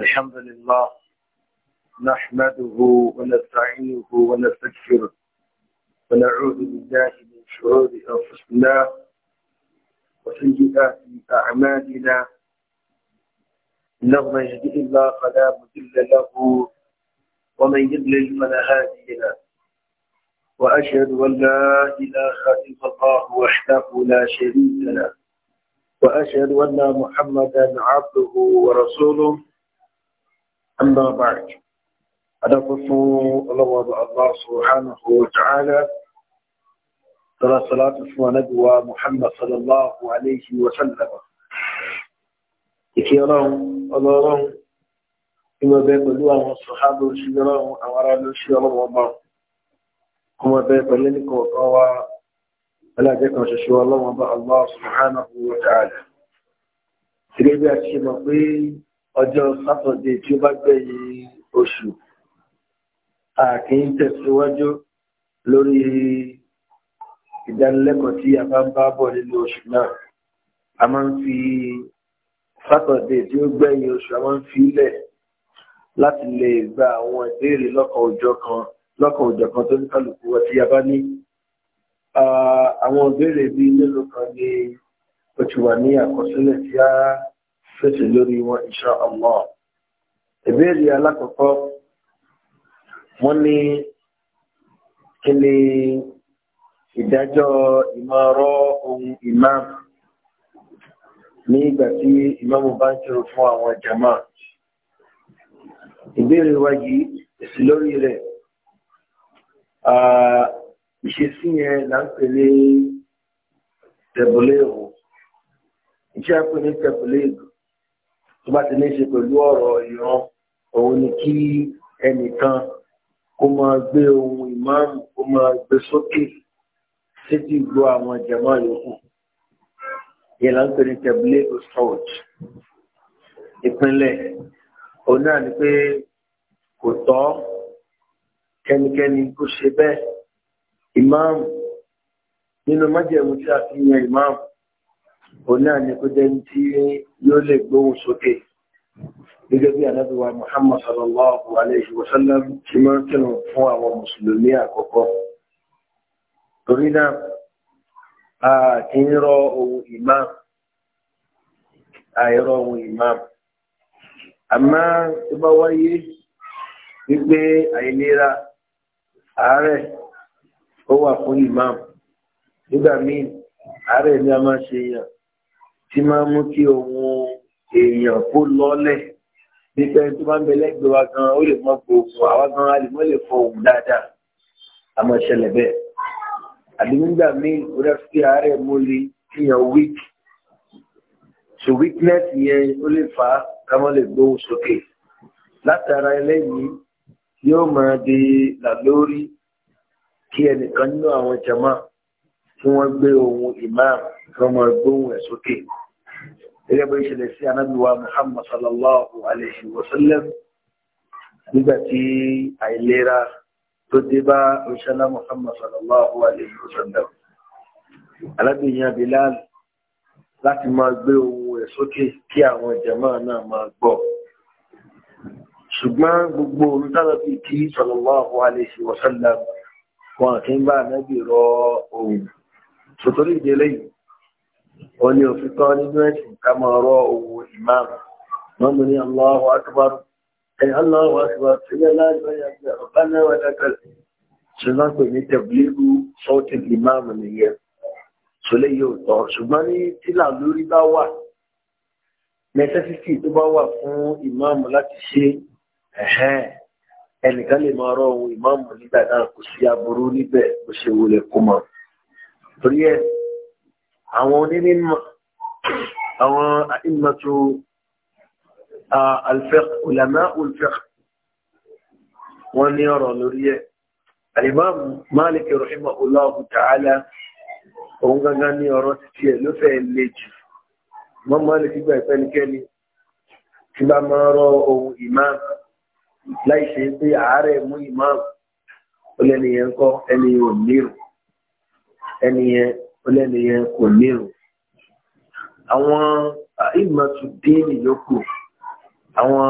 الحمد لله نحمده ونستعينه ونستغفره ونعوذ بالله من شرور انفسنا وسيئات اعمالنا انه من يهدئ الله فلا مضل له ومن يضلل فلا هادي له واشهد ان لا اله الا الله وحده لا شريك له واشهد ان محمدا عبده ورسوله أما بعد أدقف الله الله سبحانه وتعالى ترى صلاة اسمه نبوى محمد صلى الله عليه وسلم ìkí ọlọ́run ọlọ́run ìwọ̀n bẹ pẹ̀lú àwọn sọ̀hábà òṣìṣẹ́ ọlọ́run àwọn ará lóṣìṣẹ́ ọlọ́run ọba ọmọ bẹ pẹ̀lú ní kọ̀ọ̀kan wá alájẹ́ kan ṣoṣo ọlọ́run ọba Allah subhanahu wa ta'ala. ìrẹ́ bí a ti ṣe mọ̀ pé ọjọ́ sátọ̀dé tí ó bá gbẹ̀yìn oṣù àkíyí tẹ̀síwájú lórí ìdánilẹ́kọ̀ọ́ tí a bá ń bá bọ̀ nínú oṣù náà a máa ń fi sátọ̀dé tí ó gbẹ̀yìn oṣù a máa ń fi ilẹ̀ láti lè gba àwọn ìbéèrè lọ́kàn òjọ̀ kan tó ní kálukú wa tí a bá ní àwọn ìbéèrè bíi mélòó kan ni ó wà ní àkọsílẹ̀ tí a fèsì lórí wọn insha Allah ìbéèrè alákọ̀ọ́kọ́ wọ́n ní kí ni ìdájọ́ ìmọ̀ọ́rọ́ ohun ìmáàmù ní ìgbà tí ìmáàmù bá ń kírun fún àwọn jàmá ìbéèrè wa yìí èsì lórí rẹ̀ ìṣesí yẹn là ń pè ní tẹ̀bùlẹ́ẹ̀hù iṣẹ́ àpò ní tẹ̀bùlẹ́ẹ̀hù tó bá ti ní ṣe pẹ̀lú ọ̀rọ̀ ìran òun ni kí ẹnìkan kó máa gbé ohun ìmáàmù kó máa gbé sókè sétí ìgbó àwọn jàmá yòókù yẹn ń pè ní tẹ̀bílẹ̀ ostrich ìpínlẹ̀ òun náà ni pé kò tọ́ kẹ́nikẹ́ni kó ṣe bẹ́ẹ̀ ìmáàmù nínú májẹ̀mú tí a fi yan ìmáàmù òun náà ni kó jẹ́ tí yóò lè gbóhùn sókè gẹ́gẹ́ bí anábíwá Muhammad sallallahu alayhi wa sallam ti máa ń kírun fún àwọn mùsùlùmí àkọ́kọ́ torí náà a kì ń rọ ohun imam àìrọ ohun imam àmọ́ tó bá wáyé wípé àìlera àárẹ̀ ó wà fún imam nígbà míì àárẹ̀ ni a máa ṣe yàn tí máa mú kí ohun èèyàn kó lọ́lẹ̀ nípa ẹni tó bá ń bẹ lẹ́gbẹ̀ẹ́ wa gan ó lè mọ́ gbogbo àwa gan a lè mọ́ lè fọ òun dáadáa àmọ́ ṣẹlẹ̀ bẹ́ẹ̀ àdìmúgbà míì ó dá sí ààrẹ múlẹ̀ fihàn weak so weakness yẹn ó lè fà á ká lè gbóhùn sókè látara eléyìí yóò máa di làlórí kí ẹnìkan nínú àwọn jama tí wọ́n gbé ohun ìmáàmù kọmọ gbóhùn ẹ̀ sókè gẹ́gẹ́ bó ṣẹlẹ̀ sí anábìwá Muhammad sallallahu alayhi wa sallam nígbà tí àìlera tó dé bá òṣèlá Muhammad sallallahu alayhi wa sallam alábìyàn Bilal láti máa gbé ohùn ẹ̀ sókè kí àwọn jàmá náà máa gbọ́ ṣùgbọ́n gbogbo olùtàlọ́bì kí sallallahu alayhi wa ó ní òfin kan nínú ẹ̀sìn ká máa rọ owó ìmáàmù wọ́n mú ní Allahu akbar ẹ̀ Allahu akbar sílẹ̀ láàrín ọ̀bá náà wà dákàlẹ̀ ṣùgbọ́n pè ní tẹ̀blígù sọ́ọ̀tì ìmáàmù ẹnìkan lè máa rọ ìmáàmù nígbà kò sí aburú níbẹ̀ bó ṣe wulẹ̀ kó mọ́ torí ẹ̀ àwọn onímọ̀ àwọn àìmọ̀tò alfiqh ulama alfiqh wọ́n ní ọ̀rọ̀ lórí ẹ̀ alimam Malik rahimahullahu ta'ala òun gangan ní ọ̀rọ̀ títí ẹ̀ ló fẹ́ lè jù mọ́ Malik gbà ìpẹ́nikẹ́ni tí bá máa rọ ohun imam láì ṣe pé àárẹ̀ mú imam ó kọ́ ẹniyàn ò nírò ọlẹ́ni yẹn kò nírun àwọn ìmọ̀tún déèlì yòókù àwọn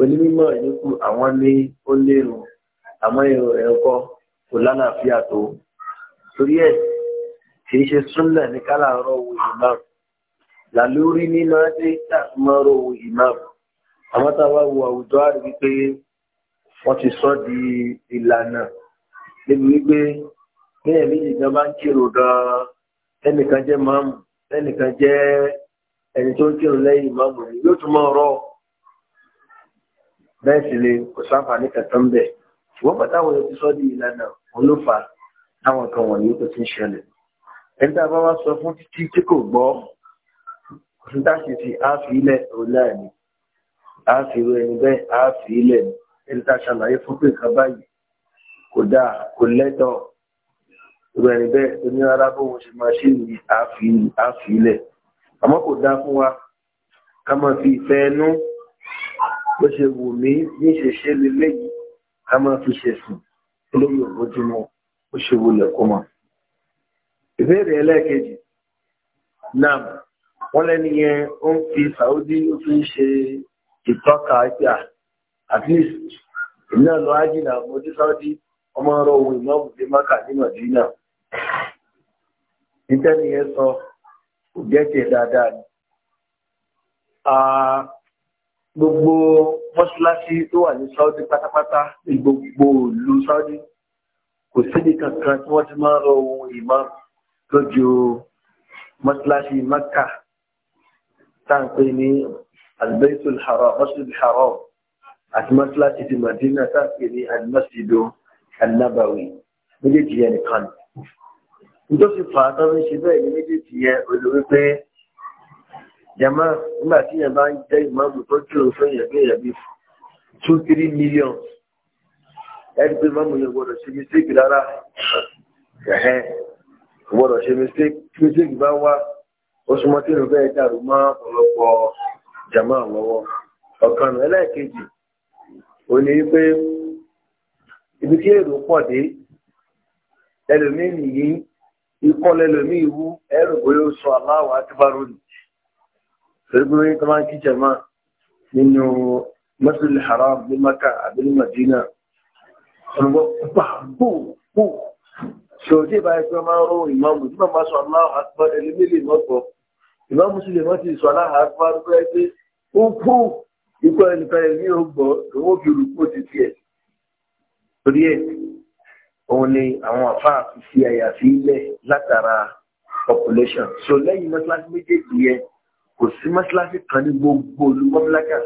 onímọ̀ yòókù àwọn ní ó nírun àmọ́ èrò ẹ̀kọ́ kò lálàáfíà tó torí ẹ̀ kì í ṣe súnlẹ̀ ní kálàárọ̀ wo ìmáàmù làlórí ní máa dé tààmọ́rọ̀ wo ìmáàmù àwọn táwa wo àwùjọ àrí wípé wọ́n ti sọ di ìlànà débi wípé ní ẹ̀mí ìjọba máa ń kírò gan-an ẹnìkan jẹ́ máàmù ẹnìkan jẹ́ ẹni tó ń kírò lẹ́yìn máàmù rẹ̀ yóò tún máa rọ̀ bẹ́ẹ̀ sì lè kò sáfàní kankan bẹ̀ ṣùgbọ́n pàtàkì àwọn èèyàn ti sọ́ di ìlànà olófà táwọn kan wọ̀nyí tó ti ń ṣẹlẹ̀ ẹni tá a bá wá sọ fún títí tí kò gbọ́ sítáṣì ti áàfì ilẹ̀ òláà ni áàfì irú ẹni bẹ́ẹ̀ áàfì ilẹ̀ ẹni tá a ṣàlàyé fún pé nǹkan báyìí kò dáa kò lẹ́tọ̀ọ́ irú ẹni onye tó ní rárá bó ṣe máa ṣe ní àfilẹ̀ àmọ́ kò dá fún wa ká máa fi ìfẹ́ ẹnu bó ṣe wù mí ní ìṣẹ̀ṣẹ̀ ká máa fi ṣẹ̀sìn ṣe fi Saudi ó fi ń ṣe ìtọ́ka at least ìnáà lọ ájì náà mo ọmọ ọrọ̀ ìmọ̀ nítẹ́ni yẹn sọ kò jẹ́ tiẹ̀ dáadáa ni. gbogbo mọ́ṣáláṣí tó wà ní Saudi pátápátá ní gbogbo ìlú Saudi kò síbi kankan tí wọ́n ti máa ń rọ ohun ìmọ̀ lójú mọ́ṣáláṣí Mẹ́kà tá à ní albaitul masjid haram àti mọ́ṣáláṣí ti Madina tá ní almasjidu annabawi méjèèjì yẹn nìkan ni nítorí sì fà á tán fi ṣe bẹ́ẹ̀ ní méjèèjì yẹ olórí pé jama nígbà tí yẹn bá ń jẹ́ ìmáàmù tó kírun fún yẹn bí yẹn bí two three million ẹni pé ìmáàmù yẹn gbọdọ̀ ṣe mistake rárá ẹ̀hẹ́ gbọdọ̀ ṣe mistake mistake bá wá oṣù mọ́tí ló bẹ́ẹ̀ dàrú mọ́ ọ̀pọ̀lọpọ̀ jama lọ́wọ́ ọ̀kan ẹlẹ́ẹ̀kejì ò ní pé ibi tí èrò pọ̀ dé ẹlòmíì nìyí ìkọlẹ̀ lómi ìwú ẹ̀rù bóyá ó sọ aláwọ̀ akíbárò nì pẹ̀lú pé tó máa ń kíjẹ máa nínú mọ́sílẹ̀ haram ní maka àbí ní madina ọ̀nàbọ̀ pàgbò pò ṣò tí ìbáyé pé máa ń rọ ìmáàmù tí màmá sọ aláwọ̀ akíbárò ẹni mílì mọ́tò ìmáàmù sì ẹ̀ òun ni àwọn àfáà fi fi àyà sí ilẹ̀ látara population so lẹ́yìn mọ́ṣáláṣí méjèèjì yẹn kò sí mọ́ṣáláṣí kan ní gbogbo olùmọ́bílájà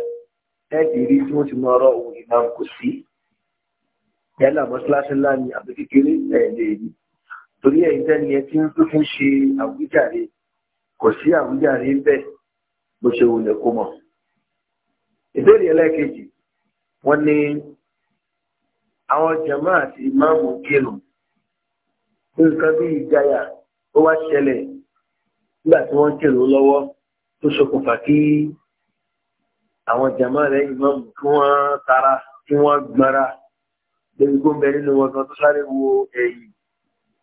ẹ̀ẹ́dì rí tí wọ́n ti mọ ọ̀rọ̀ òun ìmáàmù kò sí yálà mọ́ṣáláṣí ńlá ni àbí kékeré ẹ̀ lè rí torí ẹ̀yìn tẹ́ni ẹ ti ń tó fi ń ṣe àwùjáre kò sí àwùjáre bẹ́ẹ̀ bó ṣe wulẹ̀ kó mọ̀ ìbéèrè ẹlẹ́ẹ̀kejì wọ́n ní àwọn jama àti ìmáàmù kírun nǹkan bí ìjayà ó wá ṣẹlẹ̀ nígbà tí wọ́n kírun lọ́wọ́ tó ṣokùnfà kí àwọn jama rẹ̀ ìmáàmù kí wọ́n tara kí wọ́n gbára lórí gómìnà nínú wọn kan tó sáré wo ẹ̀yìn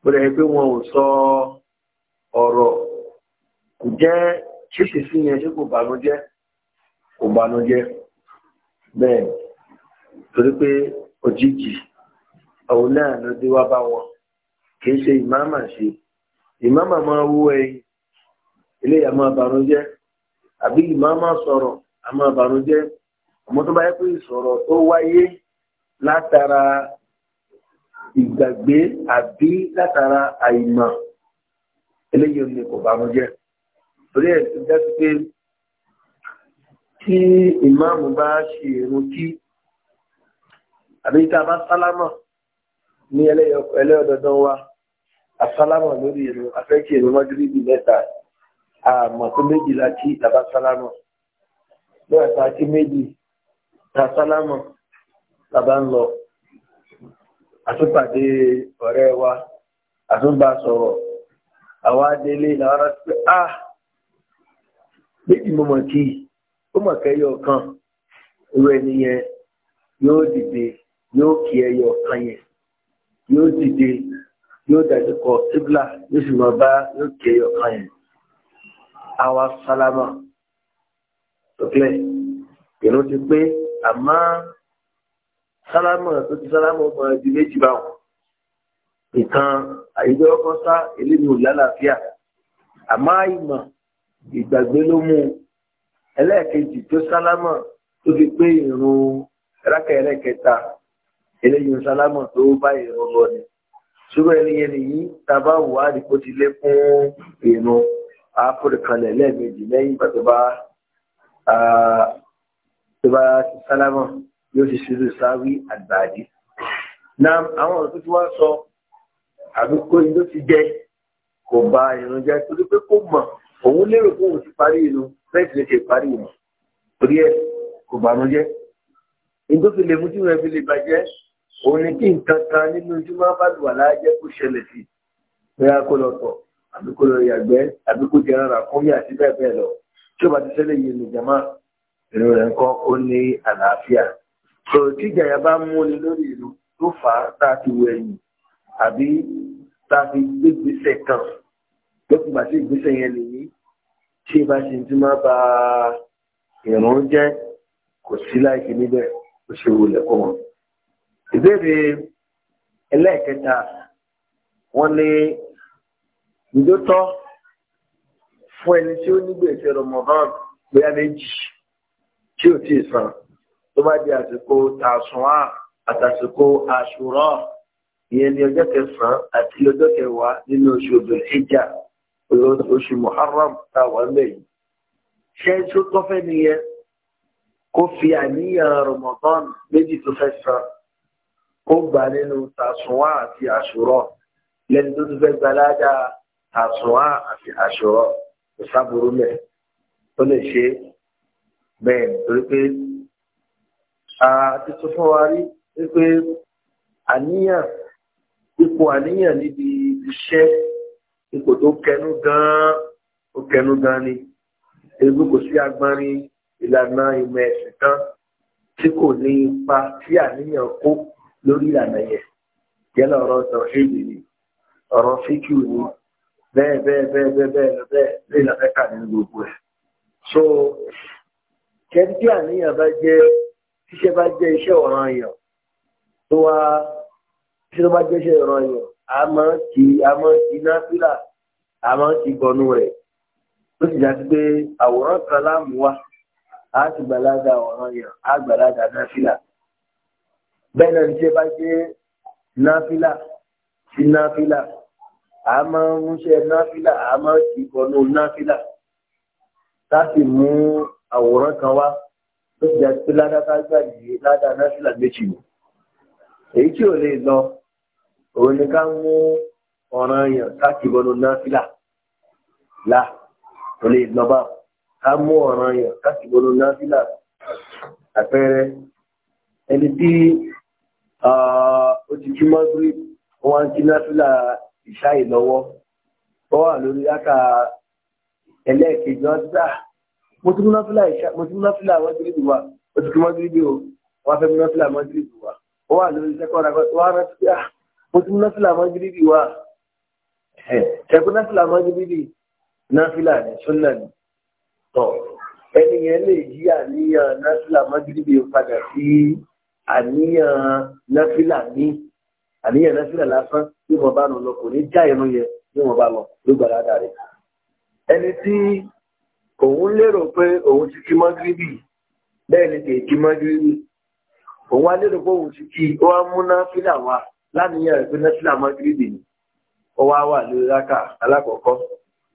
ó rẹ̀ pé wọn ò sọ ọ̀rọ̀ kò jẹ́ ṣíṣe sí yẹn ṣé kò bànújẹ́ kò bànújẹ́ bẹ́ẹ̀ torí pé òjijì òun náà ló dé wá bá wọn kì í ṣe ìmáàmà ṣe ìmáàmà máa wú ẹyin eléyà máa bànújẹ́ àbí ìmáàmà sọ̀rọ̀ a máa bànújẹ́ ọmọ tó bá yẹ pé ìsọ̀rọ̀ tó wáyé látara ìgbàgbé àbí látara àìmọ̀ eléyìí ò ní kò bànújẹ́ torí ẹ̀ ti dá sí pé tí ìmáàmù bá ṣe èrò kí àbí tá a bá sálámọ̀ ní ẹlẹ́ọ̀dọ̀dọ̀ wa asálámọ̀ lórí ìlú afẹ́kì ìlú mọ́gíríbì mẹ́ta àmọ̀ tó méjì láti tàbá sálámọ̀ lọ́wọ́ ta kí méjì ta sálámọ̀ tàbá ń lọ àtúpàdé ọ̀rẹ́ wa àtúbà sọ̀rọ̀ àwọn adélé làwọn ará pé a ah! méjì mọ̀mọ̀ kí ó mọ̀ kẹ́yọ̀ kan irú ẹni yẹn yóò dìde yóò kí ẹyọ kan yẹn yóò dìde yóò dájú kọ tíbla yóò sì máa bá yóò kí ẹyọ kan yẹn àwa salama. tókẹ́ ìrún ti pé àmọ́ sálámà tó ti sálámà ó máa di méjì báwọn ìkan àyíjọ́ ọkọ sá eléyìí ò lálàáfíà àmọ́ àìmọ̀ ìgbàgbé ló mú ẹlẹ́ẹ̀kejì tó sálámà tó fi pé ìrún rákẹ́rẹ́kẹta eléyìí sálámọ̀ tó bá ìrún lọ ni ṣùgbọ́n ẹni yẹn nìyí tàbá wà á dìpọ́ ti lé fún ìrún àápòrìkanlẹ̀ lẹ́ẹ̀mejì lẹ́yìn ìgbà tó bá tó bá sálámọ̀ yóò ti ṣe lè sáwí àgbàdì. na àwọn ọ̀rọ̀ tó ti wá sọ àbíkó ni ló ti jẹ kò bá ìrún jẹ torí pé kò mọ̀ òun lérò pé òun ti parí ìrún bẹ́ẹ̀ sì ṣe parí ìrún torí ẹ̀ kò bànújẹ́. ìgbófinlẹ̀ mú tí wọ́n fi lè bàjẹ́ òun ni kí nǹkan kan nínú ojúmọ́ bá lù wà láàjẹ́ kó ṣẹlẹ̀ sí bóyá kó lọ tọ̀ àbí kó lọ yàgbẹ́ àbí kó jẹ rárá fún mi àti bẹ́ẹ̀ bẹ́ẹ̀ lọ tí ó bá ti ṣẹlẹ̀ yìí nìjàmá ìrìn rẹ̀ nǹkan ó ní àlàáfíà sọ̀rọ̀ tí ìjàyà bá mú ni lórí ìlú tó fà á tá a ti wọ ẹ̀yìn àbí tá a fi gbégbèsè kan lókun gbà sí ìgbésẹ̀ yẹn nìyí tí ìbá ṣe ti máa ba ìrún jẹ́ kò sí láìsí níbẹ̀ ó ṣe wọlé kọ́ wọn ìbéèrè ẹlẹ́ẹ̀kẹta wọ́n ní ìdótọ́ fún ẹni tí ó nígbèsè Ramadan bóyá méjì tí ò tíì san tó bá di àsìkò tàṣùnà àtàsìkò àṣùrọ̀ ìyẹn ní ọjọ́ kẹsàn-án àti ọjọ́ kẹwàá nínú oṣù Dhul Hijja oṣù Muharram táwọn mẹ́yìn ṣé tó tọ́fẹ́ nìyẹn kó fi àníyàn Ramadan méjì tó fẹ́ san ó gbà nínú tàṣùwà àti àṣùrọ̀ lẹ́ni tó tún fẹ́ gbalájà tàṣùwà àti àṣùrọ̀ kò sábòrò mẹ́ ó lè ṣe bẹ́ẹ̀ torí pé àti tuntun wa rí wípé àníyàn ipò àníyàn níbi iṣẹ́ ipò tó kẹnu gan ó kẹnu gan ni ebi kò sí agbárin ìlànà ìmọ̀ ẹ̀sìn kan tí kò ní ipa tí àníyàn kó lórí ìlànà yẹn yálà ọ̀rọ̀ tawhid ni ọ̀rọ̀ fíkì ni bẹ́ẹ̀ bẹ́ẹ̀ bẹ́ẹ̀ bẹ́ẹ̀ bẹ́ẹ̀ lọ bẹ́ẹ̀ lọ fẹ́ kà nínú gbogbo ẹ̀ so kẹ́ni tí àníyàn bá jẹ́ tíṣẹ́ bá jẹ́ iṣẹ́ ọ̀ràn yàn tó wá tíṣẹ́ tó bá jẹ́ iṣẹ́ ọ̀ràn yàn a máa ti a máa ti náfìlà a máa ti gbọnú rẹ̀ ó sì já pé àwòrán kan láàmú wa a ti gbàládà ọ̀ràn yàn a gbàládà náfìlà bẹ́ẹ̀ náà ní ṣe bá ṣe náfìlà sí náfìlà a máa ń ṣe náfìlà a máa ti bọnú náfìlà ká sì mú àwòrán kan wá tó ti jẹ́ pé ládàá gbà yìí ládàá náfìlà méjì ni èyí tí ò lè lọ òun ni ká mú ọ̀ràn yàn ká sì bọnú náfìlà là ò lè lọ bá ká mú ọ̀ràn yàn ká sì náfìlà àpẹẹrẹ ẹni tí ó ti kí mọ́gírì wọ́n ń kí náfìlà ìṣáì lọ́wọ́ ó wà lórí láta ẹlẹ́ẹ̀kejì wọn ti dá mo ti mú náfìlà mọ́gírì bù wá ó ti kí o bù wá fẹ́ mú náfìlà mọ́gírì bù wá ó wà lórí sẹ́kọ̀ọ́ra wọ́n á rántí pé ah, mo ti mú náfìlà mọ́gírì bù wá ṣẹ̀kú náfìlà mọ́gírì bù náfìlà ní sọ́nà ní tọ̀ ẹni yẹn lè yí àníyàn náfìlà mọ́gírì bù padà sí àníyàn náfìlà ní àníyàn náfìlà lásán bí wọ́n bá lọ kò ní já irun yẹn bí wọ́n bá lọ ló gbà ládàá ẹni tí òun lérò pé òun ti kí mọ́gíríbì bẹ́ẹ̀ ni kì í kí mọ́gíríbì òun wá lérò pé òun ti kí ó wá mú náfìlà wá láníyàn rẹ̀ pé náfìlà mọ́gíríbì ni ó wá wà lórí rákà alákọ̀ọ́kọ́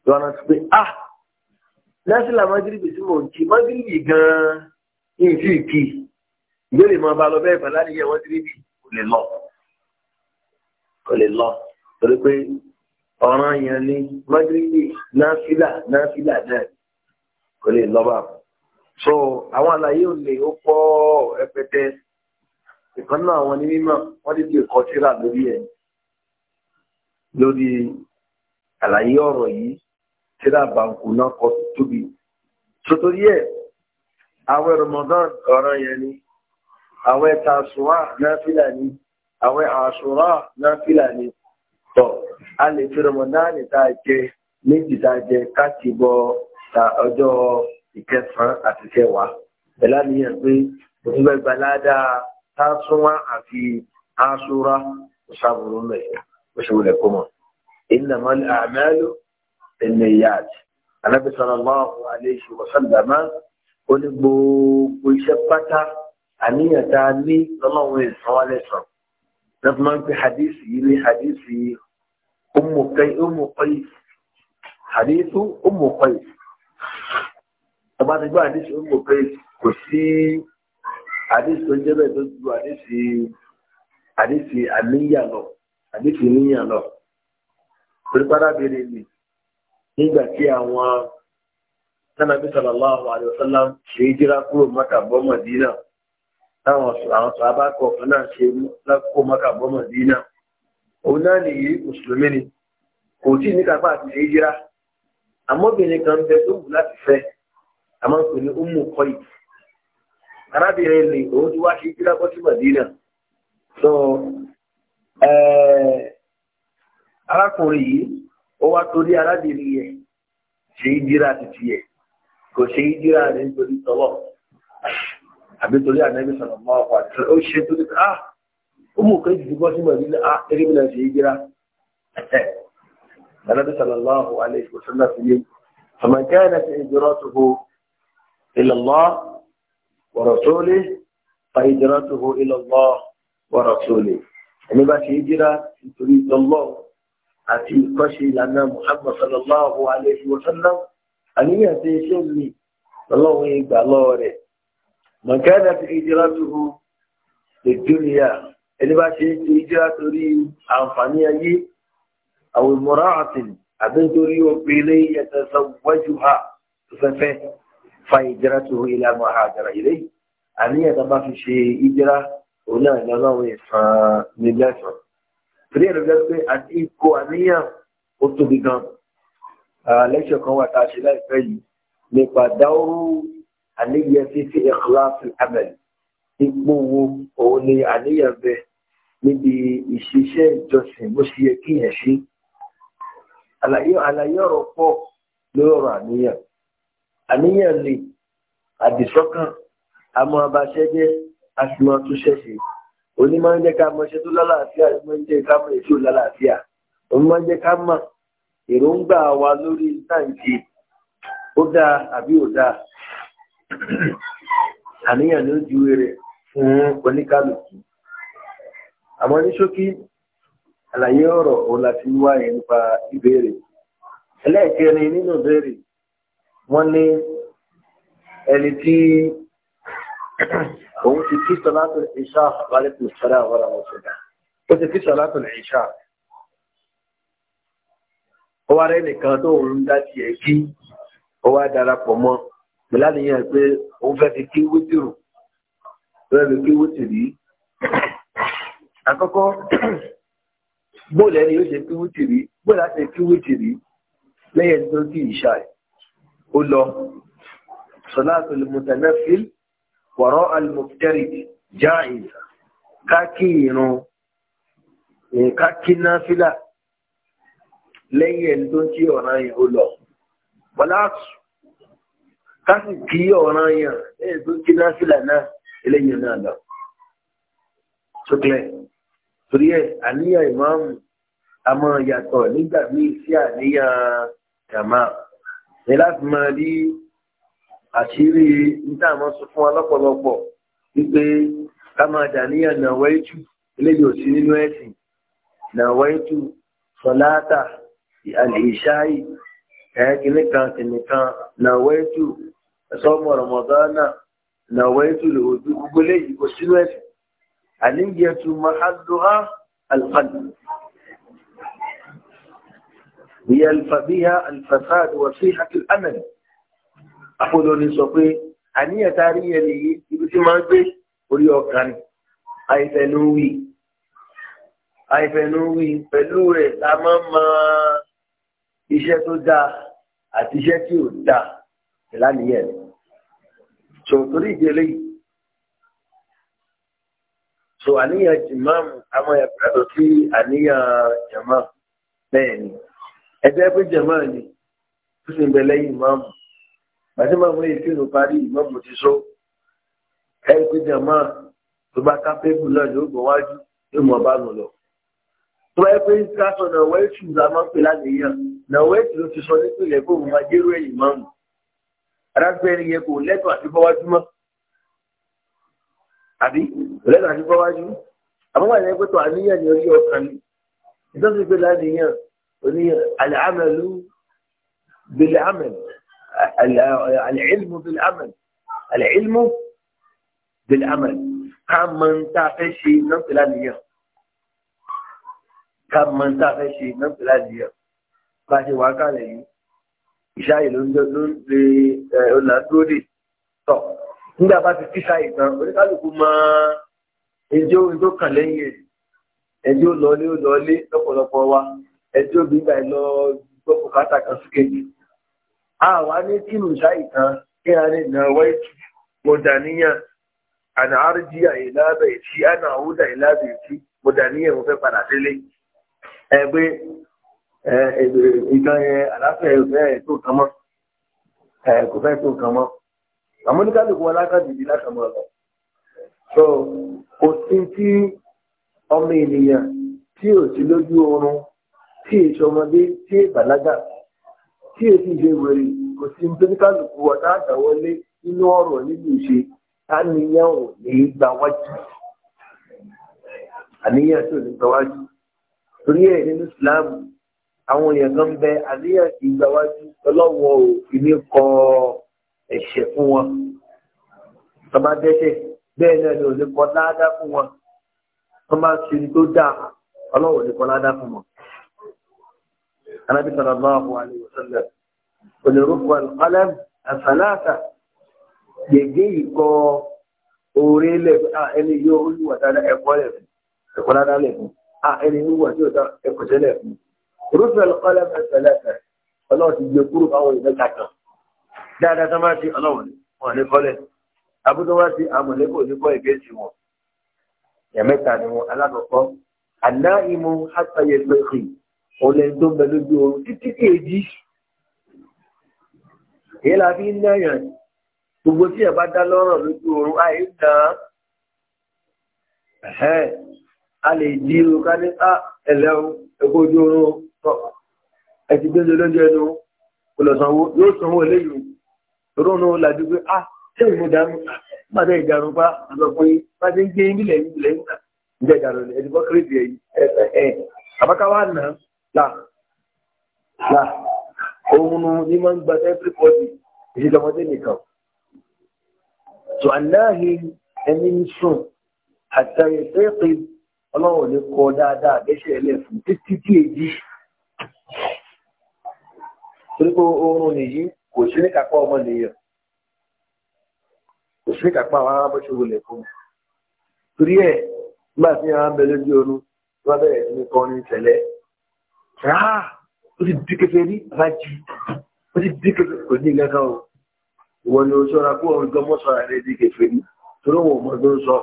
lọ́nà ti pé ah náfìlà mọ́gíríbì tí mò ń kí mọ́gíríbì gan-an ní ìfì kì í ìbéèrè máa bá lọ bẹ́ẹ̀ pẹ̀lú àníyàn wọn tírí bì kò lè lọ kò lè lọ torí pé ọ̀ràn yẹn ní májèlé náfìlà náfìlà náà kò lè lọ bá so àwọn àlàyé ò lè ó pọ̀ ẹpẹtẹ ìkan náà àwọn ní mímọ̀ wọn ti di ẹ̀kọ́ síra lórí ẹ lórí àlàyé ọ̀rọ̀ yìí síra bàǹkù náà kọ tóbi sotori ẹ àwọn Ramadan ọ̀ràn yẹn ni àwẹ̀ tàṣùwà náfìlà ni àwẹ̀ àṣùrà náfìlà ni tọ̀ a lè fi rọmọdánì tá a jẹ méjì tá a jẹ káàtì bọ ọjọ́ ìkẹsàn-án àti kẹwàá pẹ̀lú àníyàn pé òtúbẹ̀ gbalada tàṣùwà àti àṣùrà ṣàbùrù mẹ́ òṣèwọlẹ̀ kó mọ̀ innamal a'malu binniyat anábì sallallahu alayhi wa sallam ó ní gbogbo iṣẹ́ pátá àníyàn tá a ní lọ́lọ́run ìsan wálẹ̀ sàn lọ́tí máa ń pè hadith yìí ní hadith yìí Ummu Qais hadith Ummu Qais ọba ti gbọ́ hadith Ummu Qais kò sí hadith tó jẹ́ bẹ́ẹ̀ tó ju hadith hadith àníyàn lọ hadith níyàn lọ pèrípàdà bèrè nígbà tí àwọn sanabi sallallahu alayhi wa sallam ṣe é jíra kúrò mọ́tàbọ́ Mọ̀dínà. táwọn àwọn sàábà kọ̀ọ̀kan náà ṣe maka mọ́kàbọ́ mọ̀dínà òun náà nìyí mùsùlùmí ni kò tí ní kápá àti ṣe yíra àmọ́bìnrin kan bẹ tó wù láti fẹ́ àmọ́ kò ní ó mú kọ́ yìí arábìnrin òun ti wá ṣe yíra bọ́ so arákùnrin yìí ó wá torí arábìnrin ṣe yíra kò ṣe yíra rẹ̀ nítorí àbí torí ànábì sọ̀rọ̀ mọ́ ọkọ̀ àti ó ṣe tó ní ah ó mú kẹ́ jù bọ́ sí mọ̀lẹ́lẹ́ ah eré mi náà ṣe é jẹ́ra sọ̀rọ̀ lọ́wọ́ alẹ́ ìṣòṣọ́ náà fi yé فمن كانت هجرته إلى الله ورسوله فهجرته إلى الله ورسوله ẹni bá ṣe hijira nítorí ìtọ́lọ́ àti ìkọ́ṣe ìlànà Muhammad sallallahu alayhi wa sallam àníyàn tí ṣe ń mi mọ̀kẹ́nà ti ìjírá tuhu ìdúnìyà ẹni bá ṣe ti ìjírá torí àǹfààní ayé àwọn ìmọ̀ràn àti àbẹ́ntorí obìnrin ẹ̀tẹ̀sán wájú ha tó fẹ́fẹ́ fa ìjírá tuhu ilé àmọ́ àjàrà ilé àníyàn tó bá fi ṣe ìjírá òun náà lọ́nà àwọn ìfàn nílẹ̀ sàn. torí ẹ̀rọ jẹ́ pé àti ikọ̀ àníyàn ó tóbi gan-an lẹ́kṣọ̀ kan wà tá a ṣe láìpẹ́ yìí nípa dáóró àníyàn ti fi ikhlasul amal ipò wo òun ni àníyàn bẹ níbi ìṣiṣẹ́ ìjọsìn bó ṣe yẹ kíyàn ṣe àlàyé ọ̀rọ̀ pọ̀ lórí ọ̀rọ̀ àníyàn àníyàn lè àdìsọ́kàn àmọ́ abaṣẹ́ jẹ́ àṣìmọ́ tó ṣẹ̀ṣẹ̀ òní máa ń jẹ́ ká mọ̀ ṣe tó lálàáfíà ló máa ń jẹ́ ká mọ̀ èso lálàáfíà òun máa ń jẹ́ ká mọ̀ èròǹgbà wa lórí táǹkì ó dáa àbí ò dáa àníyàn ló ju rẹ̀ fún oníkàlùkù àmọ́ ní ṣókí àlàyé ọ̀rọ̀ òun la fi wá yẹn nípa ìbéèrè ẹlẹ́ẹ̀kẹrin nínú ìbéèrè wọ́n ní ẹni tí òun ti kí sọ́látò ìṣá wàlẹ́kùn sọ́lá àwọn àwọn ó ti kí sọ́látò ìṣá ó nìkan tó òun dá tiẹ̀ kí ó wá darapọ̀ mọ́ pẹ̀lá nìyẹn pé òun fẹ́ fi kí wítìrù fẹ́ fi kí wítìrì yìí àkọ́kọ́ bóòlù ẹni yóò ṣe kí wítìrì bóòlù láti kí wítìrì lẹ́yìn tó kí ìṣá ẹ̀ ó lọ sọláàtò lùmùtànáfíl wọ̀rọ̀ alùmùtẹ́rì já ìyà káàkì ìrun káàkì náfílà lẹ́yìn tó kí ọ̀ràn yìí ó lọ. kásì kí ọ̀ràn yàn ẹ̀ tó kí náfìlà náà eléyìí náà lọ. sókèlè torí ẹ àníyàn ìmáàmù a máa yàtọ̀ nígbà sí àníyàn jàmá ní láti máa rí àṣírí níta wípé ká máa eléyìí ò sí nínú àlè صوم رمضان نويت الهدوء قليل والسلوات علية محلها القلب بها الفساد وصيحة الأمل أقول لصفي أني تارية لي يبتي ما أقول أي فنوي أي فنوي فلوري تمام iṣẹ́ tó dáa àti iṣẹ́ tí ò dáa ìlànìyẹn so torí ìdí eléyìí so àníyàn jìmáàmù àwọn yàtọ̀ sí àníyàn jàmá bẹ́ẹ̀ ni ẹgbẹ́ pé jàmá ni tó sì ń bẹ lẹ́yìn ìmáàmù bàtí máa mú èké ló parí ìmáàmù ti sọ ẹ pé jàmá tó bá ká pébù náà yóò gbọ́ wájú yóò mọ̀ bá nù lọ tó bá pé ká sọ náà wẹ́ẹ̀tù la máa lánìyàn náà wẹ́ẹ̀tù ló ti sọ nípìnlẹ̀ bóun máa jẹ́rú ẹ̀yìn máàmù. arákùnrin yẹn kò lẹ́tọ̀ àti bọ́wájú mọ́ àbí kò lẹ́tọ̀ àti bọ́wájú àbọ̀wá yẹn pé tó àníyàn ní orí ọkàn ni ìtọ́sí pé láníyàn oníyàn àlàámẹ̀lú bẹ̀lẹ̀ àmẹ̀lú àlẹ́ìlmù bẹ̀lẹ̀ àmẹ̀lú àlẹ́ìlmù bẹ̀lẹ̀ àmẹ̀lú ká mọ ń tá a fẹ́ ṣe náà pé láníyàn ká mọ ń tá a fẹ́ ṣe náà pé láníyàn bá a ṣe wá kálẹ̀ yìí. ìṣáyè ló ń lè ọ̀là dúró dè tọ̀ nígbà bá ti tíṣáyè tán oníkálukú máa ẹjọ́ ẹjọ́ kàn lẹ́yìn ẹ̀ ẹjọ́ lọlé ó lọlé lọ́pọ̀lọpọ̀ wa ẹjọ́ gbígbà lọ gbọ́ bùkátà kan sókèjì. àwa ní tìmù ìṣáyè kan kí a lè na wáìtì mo dàníyàn àná àrùjíyà ìlàbẹ̀ ìtì àná àwùdà ìlàbẹ̀ ìtì mo mo fẹ́ padà ìkan yẹn àlàáfíà ìfẹ́ tó kàn mọ́ kò fẹ́ tó kàn mọ́ àmọ́ ní kálukú alákàdìdì látàmú ọ̀dọ̀ so kò sí tí ọmọ ènìyàn tí ò sí lójú oorun tí èso ọmọdé tí ìbàlágà tí èsì ìṣe wèrè kò sí ní tóní kálukú ọ̀tá àtàwọlé nínú ọ̀rọ̀ nínú ìṣe táníyàn ò ní gba wájú àníyàn tó ní gba wájú torí ẹ̀ nínú ìsìláàmù àwọn èèyàn kan bẹ àníyàn ti gbà wájú ọlọ́wọ́ ò fi ní kọ ẹ̀ṣẹ̀ fún wọn tọ́ba dẹ́ṣẹ̀ bẹ́ẹ̀ náà ni ò ní kọ ládá fún wọn wọ́n máa ṣe ní tó dáa ọlọ́wọ́ ò ní kọ ládá fún wọn. Ànábì sallallahu alaihi wasallam onírúkọ alqalam àsàlàtà gbègbè ìkọ orí lẹ̀ ah, ẹni yóò wíwà dáadáa ẹ̀kọ́ lẹ̀ ẹ̀kọ́ dáadáa lẹ̀ fún ah, ẹni yóò dá ẹ̀kọ́ rúfẹ́ lọ́kọ́lẹ́ mẹ́fẹ̀lẹ́fẹ̀ ọlọ́run ti gbé kúrò fáwọn ìlú kàkàn dáadáa tó máa ti ọlọ́run wọn ní kọ́lẹ̀ abúlé wá sí amọ̀lẹ́kọ̀ oníkọ́ ìgbésí wọn ìyàmẹ́ta ni wọn alákọ̀ọ́kọ́ àná ìmú hátàyẹ pẹ̀kì òun lẹ́ni tó ń bẹ lójú oorun títí tí èjì èyí la fi ń náyàn gbogbo tí ẹ̀ bá dá lọ́rọ̀ lójú oorun àyè ń dán a lè di irun ká ní ah, ẹlẹ́rú ẹgbẹ́ ojú oorun tọ́ ẹ ti gbéńdé lóúnjẹ ẹnu kò lọ sanwó yóò sanwó eléyìí lọ́dún náà làdí pé ah ṣé ìmú dànù pàdé ìdànù bá àlọ́pọ̀ yìí bá ti ń gbé yín nílẹ̀ yín lẹ́yìn náà ìjẹ́ ìdànù ẹni bọ́ kírèdì ẹ̀yìn ẹ̀ àbákáwá nà là là everybody ìṣèjọmọdé nìkan tó aláhi ẹni ń sùn àtàyẹ̀fẹ́ pé ọlọ́run ní kọ dáadáa àbẹ́ṣẹ́ ẹlẹ́fún títí tí torí pé oorun nìyí kò sí ní kápá ọmọ nìyẹn kò sí ní kápá àwọn arábọ́sọ̀rọ̀ lẹ̀ fún un torí ẹ̀ nígbà tí ara ń bẹ lójú oorun tí wọ́n bẹ̀rẹ̀ sí ní kọrin ìṣẹ̀lẹ̀ ráà ó ti di kékeré rí rájì ó ti di kékeré kò ní ìgbà kan o ìwọ ni o ṣọ́ra kó ọ̀rọ̀ gbọ́mọ́ sọ̀rọ̀ rẹ̀ di kékeré torí wọn ò mọ tó ń sọ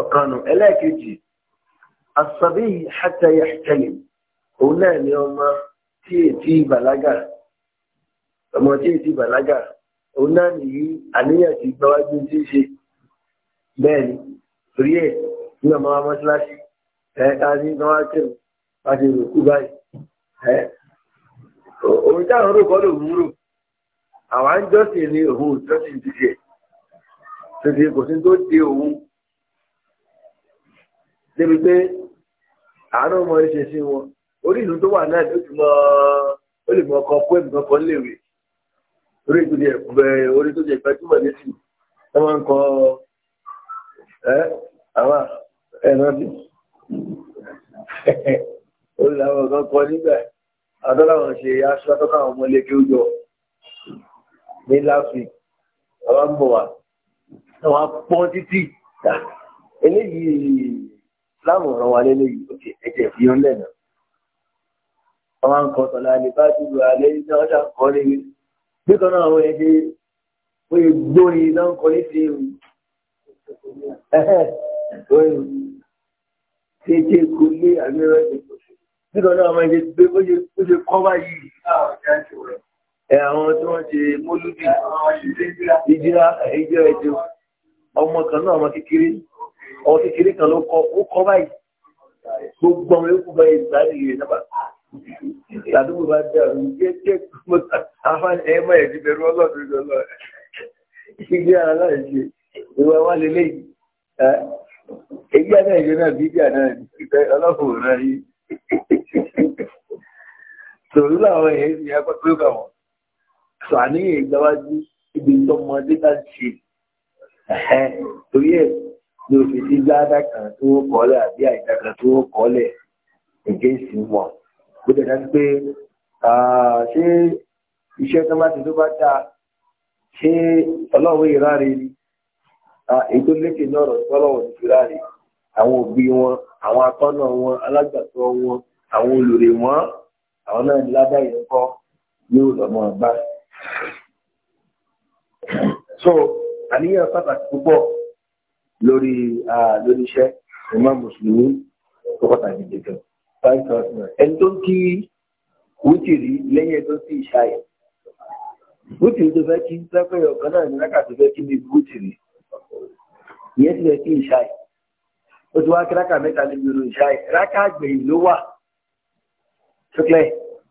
ọ̀kan nù ẹlẹ́ẹ̀kejì àṣàbí yìí hàtà yà òun náà ni ọmọ tí ètí ìbàlágà ọmọ tí ètí ìbàlágà òun náà nìyí àníyàn ti gbáwájú tí ṣe bẹ́ẹ̀ ni torí ẹ̀ ní ọmọ wa mọ́ṣáláṣí ẹ̀ ká ní gbáwá kẹrù bá ti rò kú báyìí ẹ̀ òun táwọn rò kọ́ lòun rò àwọn àjọsìn ni òun ò jọ́sìn ti ṣe tètè kò sí tó dé òun débi pé àárọ̀ ọmọ ìṣesí wọn orí ìlú tó wà náà ló ti mọ ó lè mọ ọkọ pé nǹkan kan léwe orí tó jẹ ẹ orí tó jẹ gbajúmọ̀ létí ẹ máa ń kọ ẹ àwọn ẹran bí orí làwọn kan kọ nígbà àtọ́láwọn ṣe aṣọ àtọ́káwọn ọmọlé kí ó jọ ní láfíì àwọn ń bọ̀ wá àwọn apọ́n títí eléyìí láwọn ọ̀rọ̀ wa lélẹ́yìí ẹ̀jẹ̀ fi hàn lẹ́nu àwọn nǹkan tọ̀lá lè bá dúró alẹ́ ní ọjà kọ́ lé mi bí kan náà àwọn ẹni pé gbórí náà kọ́ ní sí ewu ṣe ṣe kò lé àmìrẹ́ bí kan náà àwọn ẹni pé ó ṣe kọ́ báyìí ẹ àwọn tí wọ́n ṣe mólúdì ìjìra ìjọ ẹ̀jọ ọmọ kan náà ọmọ kékeré ọmọ kékeré kan ló kọ́ báyìí gbogbo ọmọ yóò kú báyìí ìgbà nìyẹn náà Ládùúgbò bá dẹ̀ ọ̀rọ̀ jẹ́ jẹ́ kúmọ̀ afáàní ẹ̀mọ́ ẹ̀dí bẹ̀rù ọlọ́run lọ́lọ́ rẹ̀. Ìgbé ara láì ṣe ìwà wá lélẹ̀ yìí. Èyí àná ìlú náà bíbí àná ìfẹ́ ọlọ́fọ̀ rẹ̀ yìí. Sòrú làwọn èèyàn ti yá pẹ́ pé wọn. Sọ àníyàn ìgbáwájú ibi ìtọ́mọdé bá ṣe. Torí ẹ̀ ni òfin ti gbá àdá kan tó kọ́lẹ̀ àbí àìdá kan tó kọ́lẹ̀ against wọn bó tẹ̀ dájú pé ṣé iṣẹ́ tó bá ti tó bá dáa ṣé ọlọ́run yìí ráre ni èyí tó lékè náà rọ̀ tọ́lọ́wọ̀ ní fi ráre àwọn òbí wọn àwọn akọ́nà wọn alágbàtọ́ wọn àwọn olùrè wọn àwọn náà ní ládàá yìí ń kọ́ yóò lọ́mọ bá. so àníyàn pàtàkì púpọ̀ lórí lórí iṣẹ́ ìmọ̀ mùsùlùmí tó pàtàkì jẹjẹrẹ five thousand naira ẹni tó ń kí wútìrì lẹ́yìn ẹni tó ń kí ìṣáyẹ̀ wútìrì tó fẹ́ kí sẹ́pẹ̀ ọ̀kan náà ní rákà tó fẹ́ kí ní wútìrì ìyẹn ti fẹ́ kí ìṣáyẹ̀ ó ti wá kí rákà mẹ́ta ní ìlú ìṣáyẹ̀ rákà àgbẹ̀yìn ló wà ṣúklẹ̀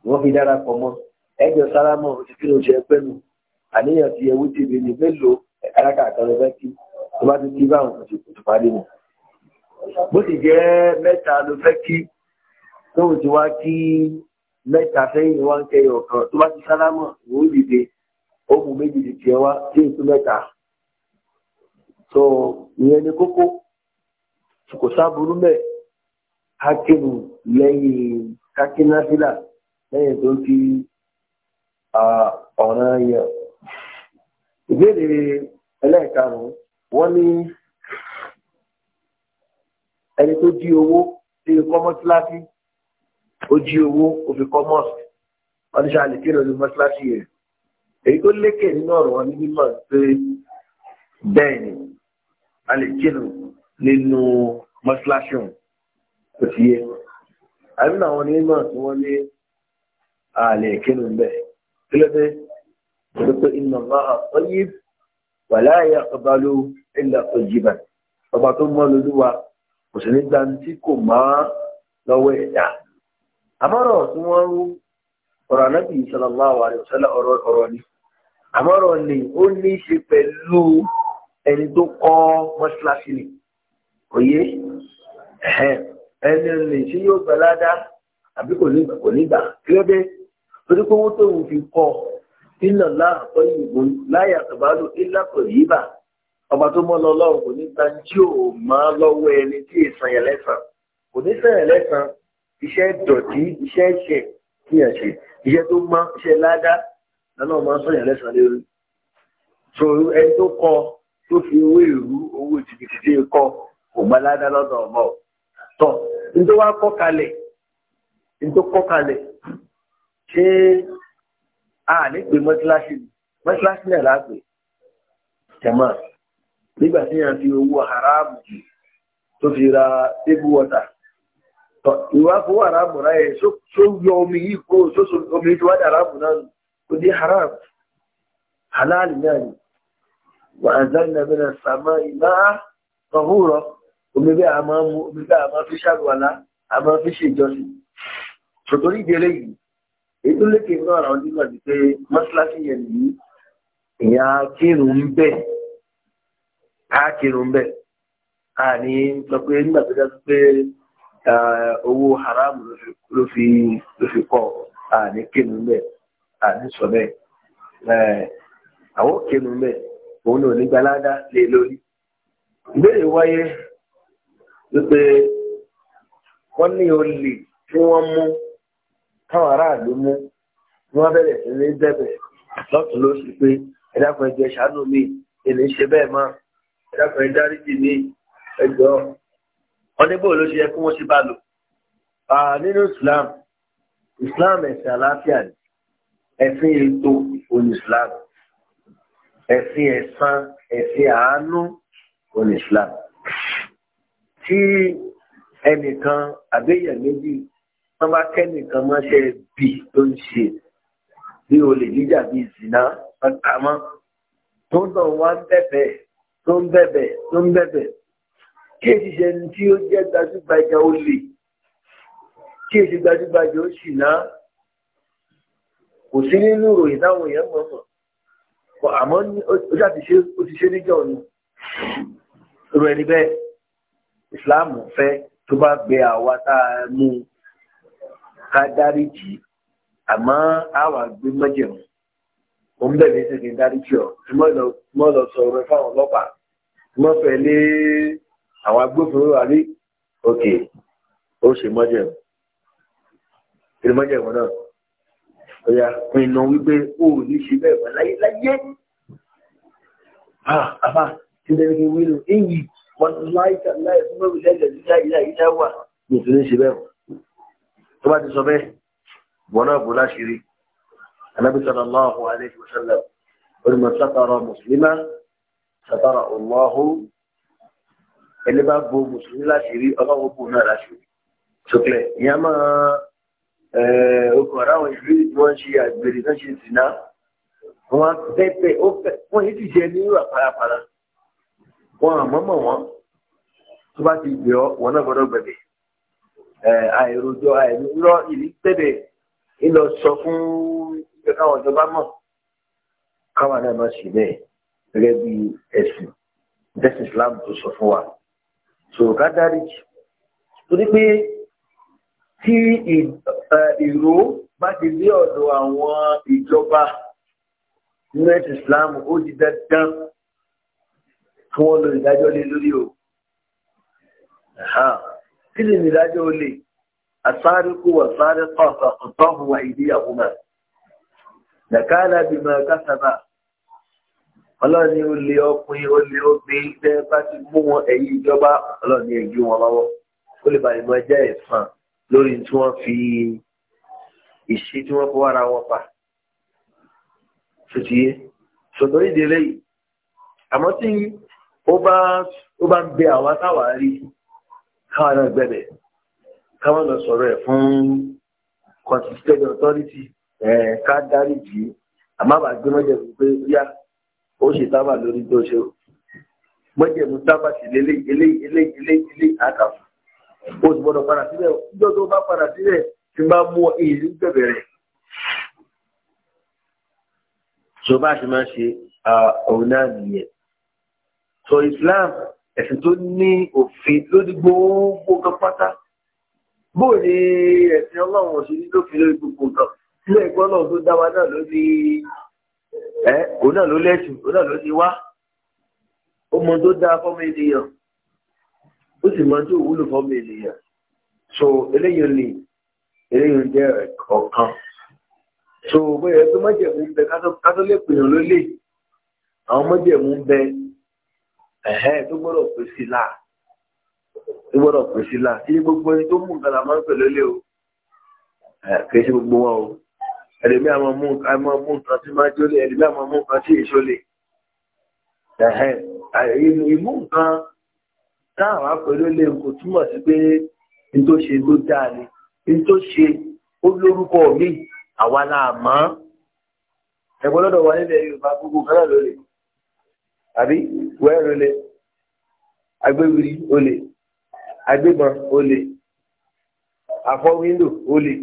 wọ́n fi dára pọ̀ mọ́ ẹjọ́ sálámọ̀ ti kí ló ṣe ẹgbẹ́ nù àníyàn ti yẹ wútìrì ní mélòó rákà àtọ́lẹ́ fẹ́ kí tó bá ti kí báwọn kò ti parí nù bó ti jẹ́ mẹ́ta ló fẹ́ kí tóun ti wá kí mẹ́ta sẹ́yìn wá ń kẹyọ̀ kan tó bá ti sálámọ̀ wò ó dìde ó mú méjì di tiẹ̀ wá sí ètò mẹ́ta tó ìyẹn ni kókó kò sáburú mẹ́ hákìmù lẹ́yìn kákínáfílà lẹ́yìn tó ń fi ọ̀ràn yẹn. ìbéèrè ẹlẹ́ẹ̀karùn-ún wọ́n ní ẹni tó jí owó sí kọ́mọ́tíláṣí ó jí owó ó fi kọ́ mọ́ọ̀sì wọ́n ti ṣàlè kí ìrọ̀lú mọ́ṣáláṣí yẹn èyí tó lékè nínú ọ̀rọ̀ wọn ní mímọ̀ pé bẹ́ẹ̀ ni a lè kírun nínú mọ́ṣáláṣí òun kò sí yẹ àbínú àwọn onímọ̀ tí wọ́n ní a lè kírun bẹ́ẹ̀ kí ló dé kí ló pé iná máa ọ yí wàlá ọba ló ẹ̀là òjìbà ọba tó mọ́ lóluwa kò sì ní gbàǹtí kò má lọ́wọ́ ẹ̀dá àmọ́rọ̀ tí wọ́n rú ọ̀rọ̀ anábì sallallahu alaihi wasallam ọ̀rọ̀ ni àmọ́rọ̀ ni ó ní í ṣe pẹ̀lú ẹni tó kọ́ mọ́ṣíláṣí ni òye ẹni lè ṣe yóò gbà ládàá àbí kò nígbà kò nígbà kí ló dé torí pé owó tó ń fi kọ́ iná láàpọ̀ ìgbìmọ̀ láyà àbálò ìlàpọ̀ yìí bà ọba tó mọ́ lọ lọ́wọ́ kò ní gba tí ò máa lọ́wọ́ ẹni tí ì sàn yẹn lẹ́sàn kò ní sàn yẹn lẹ́sàn iṣẹ́ dọ̀tí iṣẹ́ ẹ̀ṣẹ̀ kí ẹ̀ ṣe iṣẹ́ tó mọ́ iṣẹ́ ládá lọ́nà máa ń sọ̀yàn lẹ́sàn lórí so ẹni tó kọ tó fi owó ìrú owó jìbìtì tí kọ kò gba ládá lọ́dọ̀ ọmọ tọ̀ nítorí wá kọ́ kalẹ̀ nítorí kọ́ kalẹ̀ ṣé a lè pe mọ́tíláṣí mọ́tíláṣí náà láàpẹ̀ jẹ̀mọ́ nígbà tí yẹn fi owó haramu tó fi ra table water ìwà fowó aráàbù ya so yo omi yìí so sóso omi tí wá aráàbù náà nù haram halal náà ni wà na zá iná bẹ́ẹ̀ sàmá ìmá omi a ma omi a fi ṣàlùwàlá a ma fi ṣèjọsìn sòtòrí ìdílé yìí èyí tó lékè na àwọn onímọ̀ ti pé mọ́ṣáláṣí yẹn nìyí ìyá kírun ń bẹ̀ a kírun ń bẹ̀ á ní sọ owó haram ló fi ló fi kọ́ àní kéwù bẹ́ẹ̀ àní sọ bẹ́ẹ̀ àwọn kéwù bẹ́ẹ̀ òun náà ní gbalada lé lórí. ìbéèrè wáyé wípé wọ́n ní olè tí wọ́n mú táwọn aráàlú mú wọ́n bẹ̀rẹ̀ sí ní bẹ̀bẹ̀ lọ́tún ló sì pé ẹ̀dàpọ̀ ẹ̀jẹ̀ ṣàánú mi èmi ṣe bẹ́ẹ̀ mọ́ ẹ̀dàpọ̀ ẹ̀dáríjì mi ẹ̀jọ́ ọdẹ́gbò ló ṣe yẹ kí wọ́n ṣe bá lò nínú islam islam ẹ̀sìn àlàáfíà ni ẹ̀sìn ètò òní islam ẹ̀sìn ẹ̀sán ẹ̀sìn àánú òní islam tí ẹnìkan àbẹ́yẹ̀ méjì wọ́n bá kẹ́nìkan mọ́ṣẹ́ bí tó ń ṣe bí olè jíjà bí ìsìná pàtàmọ́ tó ń dọ̀ wá ń bẹ̀bẹ̀ tó ń bẹ̀bẹ̀ tó ń bẹ̀bẹ̀ kéèsì ṣe ní tí ó jẹ́ gbajúgbajà ó lè kéèsì gbajúgbajà ó sì náà kò sí nínú ìròyìn táwọn èèyàn mọ̀ mọ̀ àmọ́ ó ṣàti ṣe ó ti ṣe níjọ́ ni irú ẹni bẹ́ẹ̀ ìsìláàmù fẹ́ tó bá gbé àwa tá a mú ká dáríjì àmọ́ àwa gbé mọ́jẹ̀mú ó ń bẹ̀rẹ̀ ṣe kí n dáríjì ọ̀ tí mo lọ sọ̀rọ̀ fáwọn ọlọ́pàá mo fẹ́ lé àwọn agbófinró àrí òkè ó ṣe mọ́jẹ̀ ìrìn mọ́jẹ̀ wọn náà ó yá pinnu wípé ó ò ní ṣe bẹ́ẹ̀ wọ́n ah, láyé láyé àbá tí ó dẹ́rẹ́ kí wí lò éyì wọn láyé láyé fún mẹ́rin lẹ́lẹ̀ nígbà ìlà ìlà wà ní ìtúní ṣe bẹ́ẹ̀ ẹni bá bo mùsùlùmí láti rí ọlọ́wọ́ bò náà láti rí sọ̀kẹ́ ìyá máa okùn àráwọ̀ ìlú tí wọ́n ṣe àgbèrè náà ṣe sì ná wọn bẹ́ẹ̀ wọ́n yìí ti jẹ nírú àparapara wọn àmọ́mọ́ wọn tó bá ti gbé ọ wọn náà gbọ́dọ̀ gbẹ̀bẹ̀ àìròjọ àìròjọ ìlú tẹ̀bẹ̀ ńlọ sọ fún ìjọba mọ̀ káwa náà má sì bẹ́ẹ̀ gẹ́gẹ́ bí ẹ̀sìn bẹ́ẹ̀ Islam tó sọ fún wa sọ̀rọ̀ ká dáríjì torí pé tí ìró bá ti lé ọ̀dọ̀ àwọn ìjọba nínú ẹ̀sìn Islam ó di dandan kí wọ́n lo ìdájọ́ lé lórí o kí ni ìdájọ́ olè asáríkú wà sáré kọ̀ọ̀kan tọ́hùn wa ìdíyàwó mọ̀ nàkàlà kásábà ọlọ́ni ó lé ọkùnrin ó lé obìnrin tẹ́ bá ti mú wọn ẹ̀yìn ìjọba ọlọ́ni ẹ̀jú wọn lọ́wọ́ ó lè bàlẹ̀ mọ́ jẹ́ ẹ̀fọn lórí tí wọ́n fi ìṣe tí wọ́n fọwọ́ ara wọn pa ṣòtìyé ṣòtò ìdílé yìí àmọ́ tí ó bá ó bá ń bẹ àwa táwa káwọn náà gbẹ̀bẹ̀ káwọn lọ sọ̀rọ̀ ẹ̀ fún constitutional authority ẹ̀ ká dáríjì àmọ́ àbá gbé wípé yá ó ṣe tábà lórí tó ṣe o mọ́jẹ̀mú tábà sí lélẹ́ ilé ilé ilé ilé àkàfù ó sì gbọ́dọ̀ padà sílẹ̀ níjọ́ tó bá padà sílẹ̀ tí bá mú ìlú bẹ̀bẹ̀ rẹ̀. tó bá ṣe máa ṣe òun náà nìyẹn so Islam ẹ̀sìn tó ní òfin lórí gbogbo kan pátá bóò ni ẹ̀sìn ọlọ́run ọ̀sìn ló fi lórí gbogbo kan sílẹ̀ ìgbọ́n náà tó dá wa náà lórí ẹ òun náà ló lẹ́sùn òun náà ló ti wá ó mọ tó dáa fọ́mọ ènìyàn ó sì mọ tó wúlò fọ́mọ ènìyàn so eléyìí ni eléyìí jẹ́ ọ̀kan so bóyá tó mọ́jẹ̀mú ń bẹ kátólẹ́pù yàn ló lè àwọn mọ́jẹ̀mú ń bẹ ẹ̀hẹ́ tó gbọ́dọ̀ pè sí là tó gbọ́dọ̀ pè sí là kí gbogbo ẹni tó mú nǹkan làmọ́ pẹ̀lú lé o kì í ṣe gbogbo wọn o ẹlẹ́mí àwọn mú nǹkan tí máa jólè ẹlẹ́mí àwọn mú nǹkan tí èṣólè ìmú nǹkan táàwá pẹ̀lú lè kò túmọ̀ sí pé n tó ṣe ló dáa ni n tó ṣe ó lórúkọ mi àwa la mọ̀ ẹ̀gbọ́n lọ́dọ̀ wa nílẹ̀ Yorùbá gbogbo kan náà àbí wẹ́ẹ̀rù lè agbéwìrì olè agbébọn olè afọ wíńdò olè.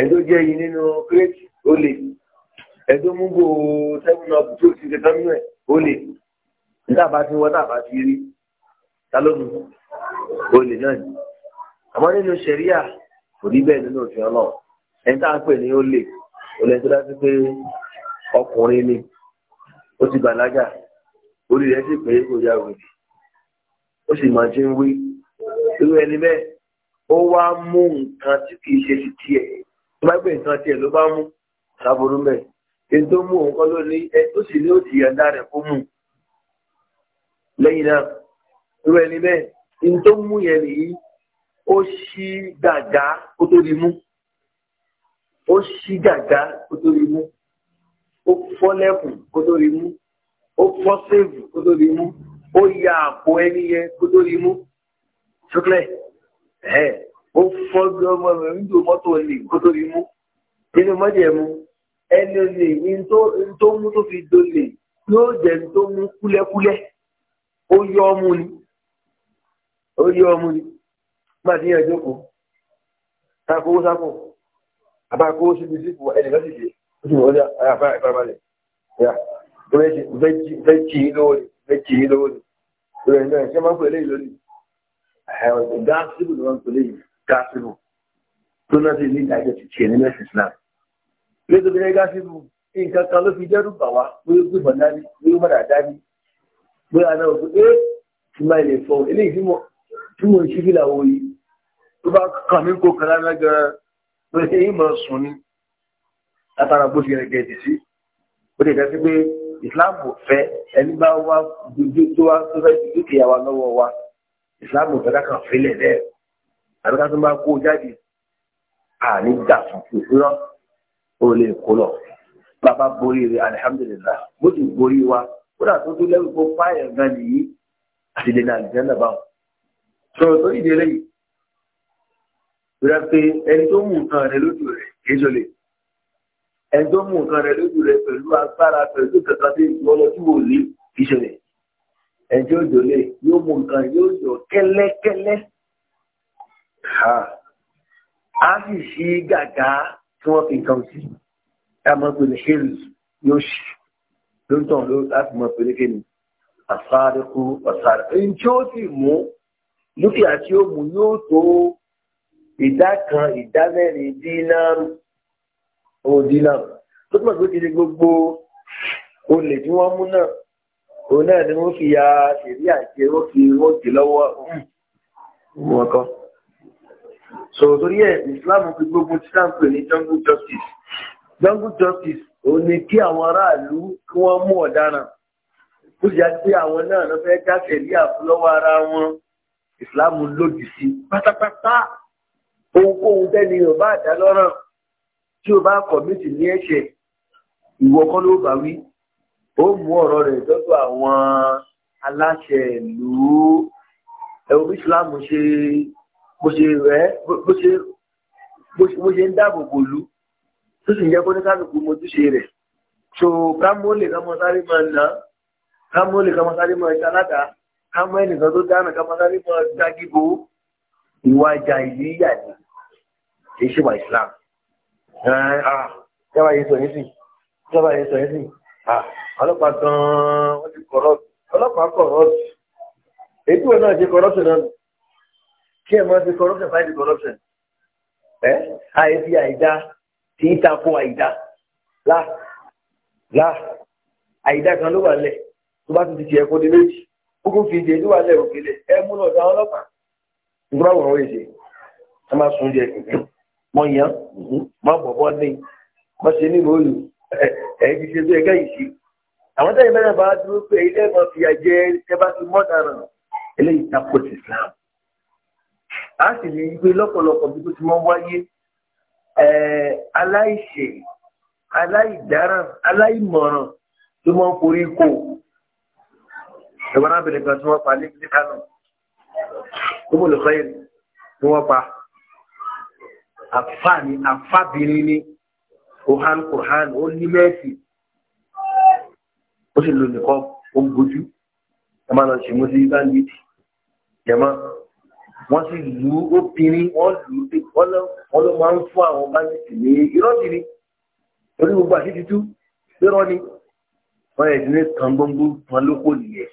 ẹ̀dọ́ jẹ́ yìí nínú kírètì ó lè ẹ̀dọ́ mú bò sẹ́wọ̀n ọ̀bù tó ti kẹta nínú ẹ̀ ó lè nígbà talonu o wọ́n tàbá ti rí tálọ́nù ó lè náà ni àmọ́ nínú sẹ̀ríà kò rí bẹ́ẹ̀ nínú òfin ọlọ́run ẹni tá à ń pè ní ó lè ó lè tó dájú pé ọkùnrin ni ó ti bàlágà orí rẹ̀ sì pé kò yá òwe ó sì máa ti ń wí irú ẹni bẹ́ẹ̀ ó wá mú nǹkan tí tó bá gbé nǹkan tiẹ̀ ló bá mú sábòrú mẹ́ èyí tó mú òun kọ́ ló ní ẹ tó sì ní òtì yọ̀ǹda rẹ̀ kó mú lẹ́yìn náà irú ẹni bẹ́ẹ̀ ní tó mú yẹn nìyí ó ṣí gàgá kó tó di mú ó ṣí gàgá kó tó di mú ó fọ́ lẹ́kùn kó tó di mú ó fọ́ séèvù kó tó di mú ó ya àpò ẹni yẹn kó tó di mú ṣúklẹ̀ ó fọ́gbé ọmọ rẹ̀ nígbò mọ́tò lè kó tó rí mú nínú mọ́jẹ̀ mú ẹni olè ní tó mú tó fi dolè yóò jẹ́ ní tó mú kúlẹ́kúlẹ́ ó yọ ọmú ni ó yọ ọmú ni má ti yàn jókòó sákòó sákò àbákòó síbi sípò ẹnì kan sì ṣe ó sì wọlé àyàfà ìfarabalẹ̀ yà fẹ́ jì í lówó ni fẹ́ jì í lówó ni ìròyìn náà ṣé máa ń pè é léyìí lónìí. Ẹ̀rọ ìdá síbù ni wọ́n ń pè é léyìí. gáfíìmù tó náà sì ní ìdájọ́ ti tiẹ̀ nínú ẹ̀sìn Islam lẹ́tọ̀ bẹ́ẹ̀ gáfíìmù nǹkan kan ló fi dẹ́rù bà wá bóyá gbìmọ̀ dání bóyá mọ̀dà dání bóyá àná òkú ẹ́ ti máa ilẹ̀ fọ́ eléyìí tí mo ń ṣí fìlà wò yìí tó bá kàn mí kó kan lára gan-an islam ò wa lọ́wọ́ wa islam ò fẹ́ ká kàn àbí ká tó máa kó jáde àní gbà fún ìfúnná ó lè kó lọ bàbá borí rẹ alihamudulilá bó ti borí wa ó dà tó tó lẹ́rù kó fáyà gan nìyí àti lè nà àlùjá náà báwọn sọ̀rọ̀ tó ìdí rẹ̀ yìí rẹ̀ pé ẹni tó mú nǹkan rẹ̀ lójú rẹ̀ kìí ṣọlẹ̀ ẹni tó mú nǹkan rẹ̀ lójú rẹ̀ pẹ̀lú agbára pẹ̀lú kẹta tí ìwọ lọ sí wòlíì ṣọlẹ̀ ẹni tí jòlè yóò mú nǹkan yóò yọ kẹ́lẹ́kẹ́lẹ́ a sì ṣe gàgá tí wọ́n fi nǹkan sí ẹmọ pẹ̀lú ṣéèlì yóò ṣì ló ń tàn láti mọ pẹ̀lú kí ni àsáàdẹ́kù àsáàdẹ́kù èyí tí ó sì mú dúkìá tí ó mú yóò tó ìdá kan ìdá mẹ́rin dínárù ó dínárù tó túmọ̀ sí kiri gbogbo olè tí wọ́n mú náà òun náà ni wọ́n fi ya ṣèrí àjẹ́ wọ́n fi wọ́n jẹ lọ́wọ́ hmm. wọn kan so torí ẹ̀ islam fi gbógun tí sáà ní jungle justice jungle justice ò ní kí àwọn aráàlú kí wọ́n mú ọ̀daràn ó sì yá sí àwọn náà lọ fẹ́ dáṣẹ̀ ní àfúlọ́wọ́ ara wọn islam lòdì sí pátápátá ohunkóhun tẹ́ni ò bá dá lọ́ràn tí o bá kọ̀mítì ní ẹ̀ṣẹ̀ ìwọ kọ́ ló bá wí ó mú ọ̀rọ̀ rẹ̀ lọ́dọ̀ àwọn aláṣẹ ìlú ẹ̀rọ islam ṣe bó ṣe rẹ̀ bó ṣe ń dáàbò bò lú tó sì jẹ́ kó ní kálukú mojúṣe rẹ̀ so kámọ́ lè kámọ́ sáré máa nà kámọ́ lè kámọ́ sáré máa ṣalága kámọ́ ẹnìkan tó dáná kámọ́ sáré máa dágíbo ìwà ìjà ìlú ìyà ni kì í ṣe wà Islam jọba yìí sọ yìí sí jọba yìí sọ yìí sí ọlọ́pàá gan-an wọ́n ti kọ̀rọ̀ ọlọ́pàá kọ̀rọ̀ ètò náà ṣe kọ̀rọ̀ sí náà kí ẹ máa fi corruption fight the corruption ẹ àyè fi àìdá tí ń takò àìdá lá lá àìdá kan ló wà lẹ̀ tó bá tún ti tiẹ̀ kó di méjì kókó fi ìdè ló wà lẹ̀ òkèlè ẹ mú lọ sí àwọn ọlọ́pàá nígbà wọ̀rọ̀ èdè ẹ máa sun jẹ kankan mọ yàn mọ bọ̀bọ̀ ní mọ ṣe nílùú olù ẹ ẹ ti ṣe bí ẹgẹ́ yìí ṣe àwọn tẹ́yìn mẹ́rin bá dúró pé ilé ẹ̀mọ́ fi àjẹ ẹ bá ti mọ́ dára eléyìí takò ti Islam a sì lè gbé lọ́pọ̀lọpọ̀ bí tó ti mọ́ wáyé aláìṣe aláìdáràn aláìmọ̀ràn ló mọ́ forí kò ìwọ́n abẹ̀rẹ̀ kan tí wọ́n pa ní kánò tó mọ̀ lọ́kọ́ yẹn tí wọ́n pa àfáàní àfábìnrin ní ohan kurhan ó ní mẹ́sì ó sì lò nìkan ó gbojú ẹ máa lọ sí mọ́sí bá ń yìí jẹ̀mọ́ wọ́n sì lù ú obìnrin wọ́n lù ú wọ́n ló máa ń fún àwọn bandits ní irọ́ sí ni orí gbogbo àṣírí tú lérọ́ ni wọ́n yẹ ní kan gbọ́ngbó wọn ló kò nìyẹn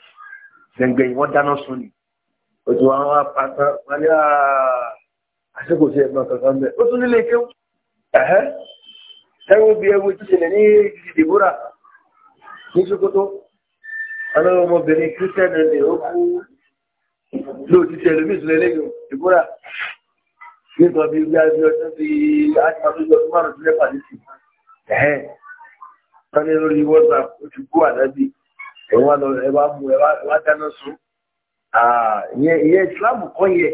gbẹ̀ngbẹ̀yìn wọ́n dáná sun ni ojú àwọn apáta wọn ní àṣekò sí ẹ̀gbọ́n kankan bẹ́ẹ̀ ó tún nílé kéwù ẹ̀hẹ́ ẹ̀wọ̀n bí ẹ̀wọ̀n tó ṣẹlẹ̀ ní ìdìbòrà ní Sokoto ọlọ́wọ́ ọmọbìnrin kírísítẹ́nì ni ó kú lóòtú ti ẹlòmí ìtúlẹ̀ lẹ́yìn ìbúra nígbà bíi bí i ọjọ́ ti àtìmọ́lójú ọdún márùn-ún sílẹ̀ pàdé sí ẹ̀hẹ́n tani lórí whatsapp ó ti kú àdábì ẹ̀wọ́n lọ ẹ̀wá mú ẹ̀wá dáná sùn ìyẹn islam kọ́ yẹ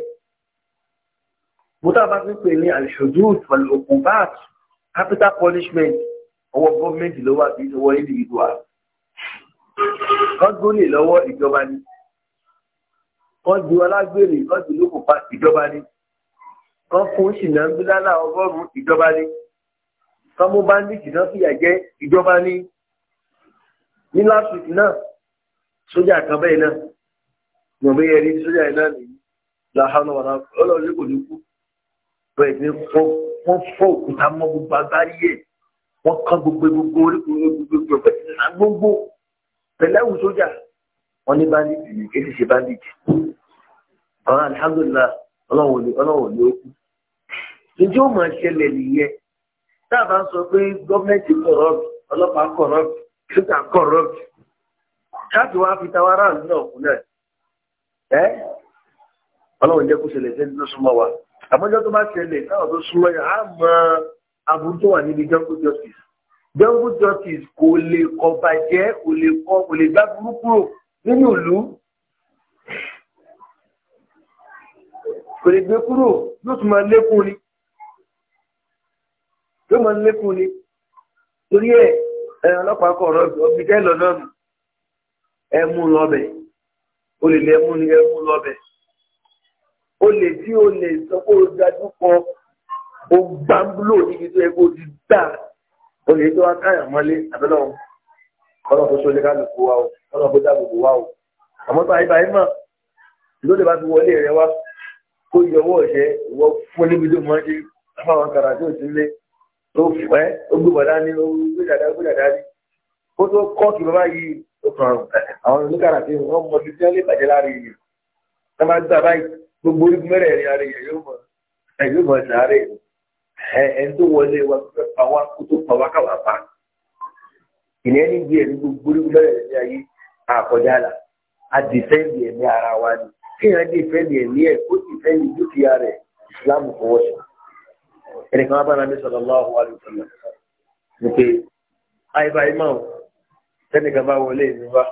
mọ́tà bá fi pè ní al-hudud wal-uqubat capital punishment ọwọ́ gọ́ọ̀mẹ̀ntì lọ́wọ́ àbí ọwọ́ individual kọ́gbóni lọ́wọ́ ìjọba ni kọ́ ju ọlágbèrè kọ́ ju lóko pa ìjọba ni kọ́ fún ṣìnàmbílálà ọgọ́rùn-ún ìjọba ni kọ́ mú bandit náà fìyà jẹ́ ìjọba ni ní last week náà sójà kan bẹ́ẹ̀ náà mọ̀mí ẹni sójà iná nìyí làhánà wàlá ọlọ́run kò ní kú bẹ́ẹ̀ ni wọ́n fọ́ òkúta mọ́ gbogbo agbárí yẹ̀ wọ́n kán gbogbo gbogbo orí gbogbo gbogbo gbogbo pẹ̀lú àgbógbó pẹ̀lú ẹ̀wù sójà wọ́n ní bandit ni kí sì ṣe bandit ọ̀rọ̀ alhamdulillah ọlọ́wọ̀ ni ọlọ́wọ̀ ni ó kú ìjọ ò máa ṣẹlẹ̀ nìyẹn tá a bá sọ pé gọ́ọ̀mẹ̀ntì corrupt ọlọ́pàá corrupt ṣúgà corrupt ṣáàtì wàá fi tàwa aráàlú náà kú náà ẹ ọlọ́wọ̀ jẹ́ kó ṣẹlẹ̀ sẹ́ni tó súnmọ́ wa àmọ́jọ́ tó bá ṣẹlẹ̀ táwọn tó súnmọ́ yà á mọ aburú tó wà níbi jungle justice jungle justice kò lè kọbàjẹ́ kò lè kọ kò lè gbá burúkú nínú ìlú kò lè gbé kúrò yóò tún máa lékún ni yóò máa lékún ni torí ẹ ẹran ọlọ́pàá kọ̀ ọ̀rọ̀ ọbí jẹ́ lọ́nà nù ẹ mú lọ́bẹ̀ o lè lè mú ni ẹ mú lọ́bẹ̀ o lè tí o lè sọ pé o dájú kọ o gbàmbúlò níbi tó yẹ kó o ti dà o lè tó akáyàn mọ́lé àbẹ́lọ́wọ́ kọ́nà kó sólé kálukú wa o kọ́nà kó wa o àmọ́ tó ayé báyìí mọ̀ ló lè bá fi wọlé rẹ wá kó yọ owó ọ̀ṣẹ́ ìwọ fún níbi tó mọ́ ṣe fáwọn kàrà tó ti lé tó fẹ́ ó gbé bàdá ní ó gbé dàdá gbé dàdá ní kó tó kọ́ kí bàbá yìí ó kàn àwọn oníkàrà tí wọ́n mọ ju tí wọ́n lè bàjẹ́ láàrin yìí tá máa gbà báyìí gbogbo orí mẹ́rẹ̀ẹ̀rin ara yẹ̀ yóò mọ̀ ẹ̀ yóò mọ̀ sàárẹ̀ ẹ̀ ẹ̀ ń tó wọlé wa kó tó pa wá kó tó pa wá káwá pa ìyẹn ní bí ẹni gbogbo lọ́yọ̀ ní ayé àkọjá là á dìfẹ́ǹdì ẹ̀mí ara wa ni kéèyàn dìfẹ́ǹdì ẹ̀mí ẹ̀ kó dìfẹ́ǹdì dúkìá rẹ̀ ìsìlámù fọwọ́ sí ẹnìkan wá bá nàbí sọ̀rọ̀ lọ́wọ́ àlùfọ̀lọ́ ni pé àìbá ìmọ̀ sẹ́nìkan bá wọlé mi wá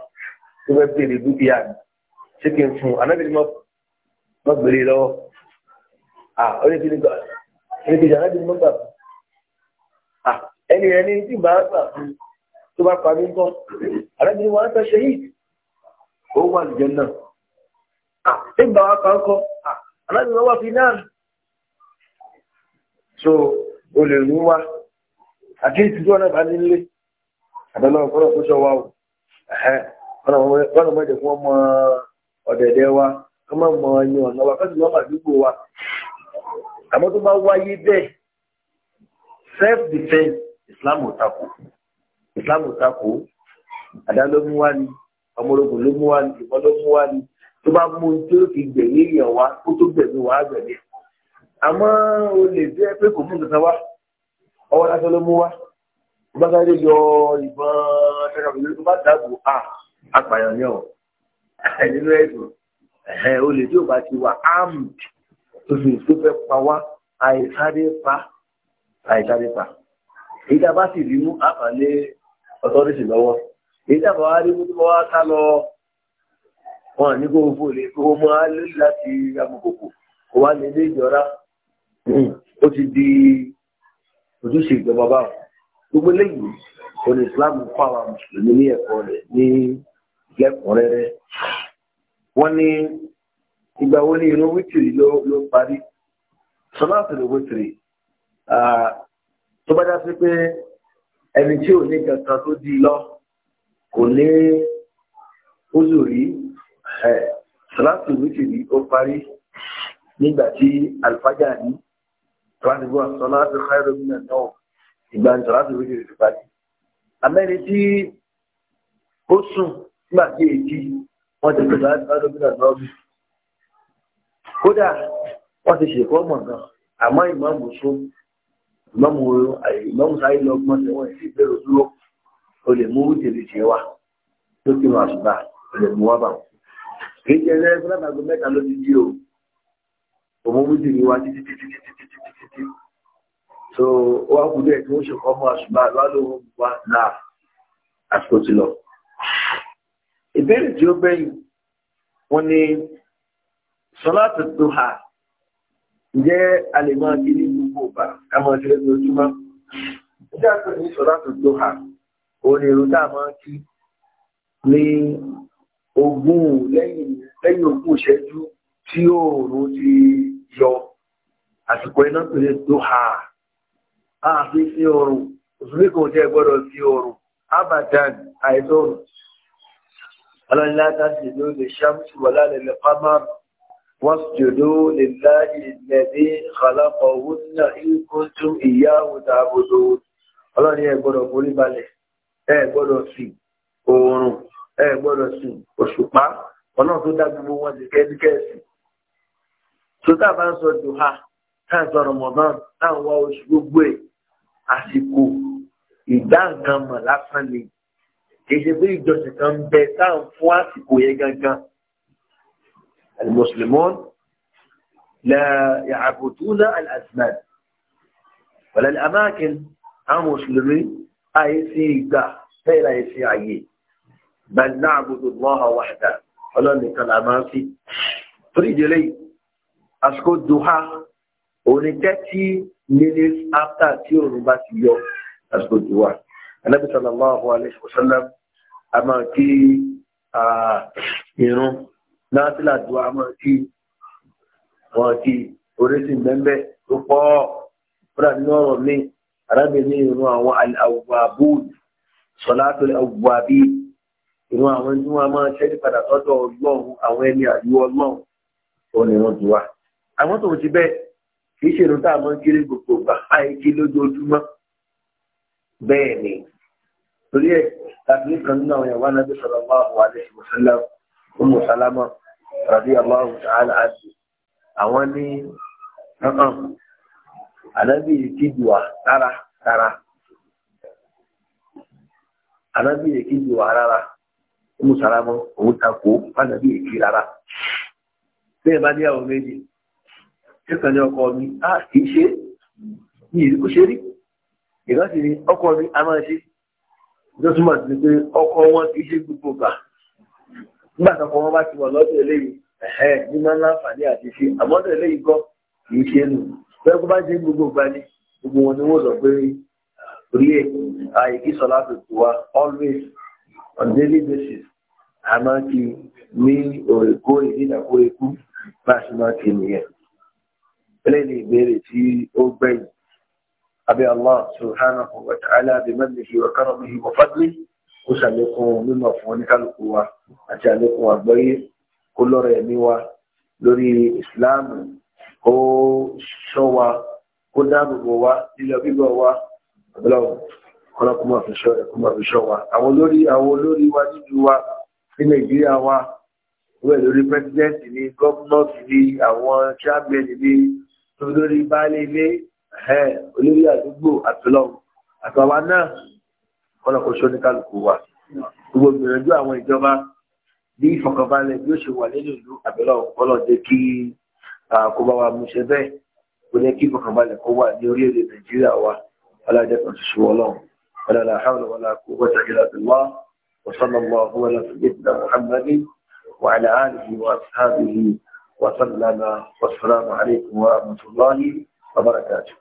tó fẹ́ bèrè dúkìá mi ṣé kí n fún anábìrì mọ́ mọ́ gbèrè lọ́wọ́ ah oníkìlì gbà oníkìlì anábìrì mọ́ gbà ah ẹni ẹni tí bá gbà fún tó bá ń wọn ó wà náà wa kọ́ wọn wà fi náà so o lè rú wa nílé tó ṣọ wa o mọ́jẹ̀ fún ọmọ ọ̀dẹ̀dẹ̀ wa kọ́ ọ̀nà wa kọ́sì ìsìláàmù takò àdá ló mú wá ni ọmọlógún ló mú wá ni ìbọn ló mú wá ni tó bá mú un tí ó fi gbẹ̀mí èèyàn wá kó tó gbẹ̀mí wá gbẹ̀mí àmọ́ o lè jẹ́ pé kò mú nǹkan wá ọwọ́ lásán ló mú wá tó bá sáré yọ ìbọn tẹ́kàfìlú tó bá dàgbò a apààyàn ni ọ̀ nínú ẹ̀sùn o lè tí ò bá ti wà armed tó fi tó fẹ́ pa wá àìsáré pa àìsáré pa èyí tá a bá sì rí mú àpàlẹ́ ọtọ́rìsì lọ́wọ́ ìjàmbá wa rí mútúmọ́ wa ká lọ wọn ní kó fò lè kó mọ́ á lórí láti amọ̀kòkò kó wá lè dé ìjọra ó ti di ojúṣe ìjọba báwọn gbogbo lẹ́yìn òní Islam fún àwọn mùsùlùmí ní ẹ̀kọ́ rẹ̀ ní lẹ́kùnrẹ́rẹ́ wọ́n ní ìgbà wo ni irun wítìrì ló parí sọlá àtẹ̀lẹ̀ wítìrì tó bá dá sí pé ẹni tí ò ní kankan tó di lọ kò ní oṣù rí ẹ sọláṣù wíṣì rí ó parí nígbà tí àlùfájà ní tọ́lásìbò sọláṣù káyọ̀rọ̀ mi náà ìgbà ní sọláṣù wíṣì rí ti parí. àmẹ́ni tí ó sùn nígbà tí èyí wọ́n ti pèsè láti sọláṣù náà náà bí. kódà wọ́n ti ṣèkọ́ mọ̀ náà àmọ́ ìmọ̀ àmùsùn ìmọ̀mù ìmọ̀mù sáyé lọ gbọ́n sí wọn sí ìbẹ̀rù dúró o lè mú tèmi tiẹ̀ wá tó kí wọn àṣùbà o lè mú wá bà di o so wọ́n kú dé tí wọ́n ṣe kọ́ mọ́ àṣùbà wá lóhùn wá náà àsìkò ti lọ. ìbéèrè tí ó gbẹ̀yìn wọ́n ní sọlá tuntun ha ǹjẹ́ a lè gbogbo ìgbà ká máa ṣe lẹ́nu ojúmọ́ ìdí àpẹẹrẹ ní sọlá tó tó hà òun èrò tá a máa ń kí ní ogún lẹ́yìn ogún ìṣẹ́jú tí oòrùn ti yọ àsìkò iná pèlè tó hà á fi sí oòrùn òṣùlẹ̀ kò jẹ́ gbọ́dọ̀ sí oòrùn abadan àìsọ̀rùn ọlọ́nilá tá a sì lóye ṣáàmùsùn wọlá lẹ́lẹ́ pàmàrùn واسجدوا لله الذي خلقهن إن كنتم إياه تعبدون ọlọ́run ni ẹ gbọ́dọ̀ forí balẹ̀ ẹ gbọ́dọ̀ sí oòrùn ẹ gbọ́dọ̀ sí òṣùpá ọlọ́run tó dá gbogbo wọn ti kẹ́ níkẹ́ẹ̀sì tó tá a bá ń sọ dùhà tá a ń sọ rọmọdán tá a ń wá oṣù gbogbo ẹ̀ àsìkò ìdá nǹkan mọ̀ lásán ni kì í ṣe pé ìjọsìn kan ń bẹ tá ń fún àsìkò yẹn gangan المسلمون لا يعبدون الأزمان ولا الأماكن المسلمين أي سيدة فلا يسيعي بل نعبد الله وحده ولا نكال أماسي تريد لي أسكو الدوحة ونكتي minutes after tí òun bá ti yọ àsìkò tó الله Anábì وسلم alayhi wa sallam a máa kí náàtìlà ju àmọ́ tí wọ́n ti orísìí mẹ́mbẹ́ tó pọ̀ fúnra nínú ọ̀rọ̀ mi arábìnrin ìrún àwọn àwùwàbùn sọ̀látò àwùwàbí ìrún àwọn tí wọ́n máa ṣẹ́rí padà sọ́dọ̀ ọlọ́run àwọn ẹni àyú ọlọ́run tó ní wọ́n ti wá. àwọn tó ti bẹ́ẹ̀ kì í ṣèrò tá a máa ń kiri gbogbo gbà àìkí lójoojúmọ́ bẹ́ẹ̀ ni torí ẹ̀ tàbí kan nínú àwọn ìyàwó anábì sọ̀rọ̀ máa wà lẹ́sìn mùsálàmù radiyallahu ta'ala anhu àwọn ní ànábì kejì wà tara tara ànábì kejì wà rárá ọmọ sàrámọ́ òun takò ànábì kejì rárá bẹ́ẹ̀ bá ní àwọn méjì ọkọ a ṣe rí ìrántí ni ọkọ mi a máa ṣe ti pé ọkọ wọn kìí ṣe gbogbo nígbà tó fọwọ́ bá ti wọ̀ lọ́dọ̀ eléyìí ẹ̀hẹ́ ní máa ń láǹfààní àti ṣe àmọ́dọ̀ eléyìí gọ́ kì í ṣe nù bẹ́ẹ̀ kó bá ṣe gbogbo ìgbà ni gbogbo wọn ni wọ́n lọ pé orí ẹ̀ ààyè kí sọlá fi kù wa always on daily basis a máa ń kí ní òrèkóòrè nídàkóòrè kú bá a ṣe máa ń kí nìyẹn. eléyìí ìbéèrè tí ó gbẹ̀yìn abẹ́ Allah subhanahu wa ta'ala bi mannihi wa karamihi wa fadlihi kó ṣàlékún mímọ̀ fún oníkálukú wa àti àlékún àgbọ́yé kó lọ́rọ̀ ẹ̀mí wa lórí ìsìláàmù kó ṣọ́ wa kó dáàbòbò wa lílọ bíbọ̀ wa ọlọ́run kọ́lọ́kùnmọ̀ fi ṣọ́ rẹ̀ kúmọ̀ fi ṣọ́ wa àwọn olórí àwọn olórí wa nílùú wa ní nàìjíríà wa wọ́n lórí pẹ́sidẹ́ǹtì ní gọ́ọ̀mọ́tì ní àwọn chairman ní lórí baálé ilé olórí àdúgbò àtọlọ́run àtọwà náà kọ́nà kò ṣó ní kálukú wa gbogbo ìgbìyànjú àwọn ìjọba bí ìfọkànbalẹ̀ bí ó ṣe wà nínú ìlú àbẹ̀lẹ̀ ọ̀pọ̀lọ̀ jẹ́ kí kó bá wa múṣẹ bẹ́ẹ̀ kó jẹ́ kí ìfọkànbalẹ̀ kó wà ní orílẹ̀-èdè nàìjíríà wa alájẹ́ kan ṣoṣo ọlọ́run wàlá làhàlù wàlá kó wọ́n ṣàkíyà bíwá وصلى الله على سيدنا محمد وعلى آله وأصحابه وسلم والسلام عليكم ورحمة الله وبركاته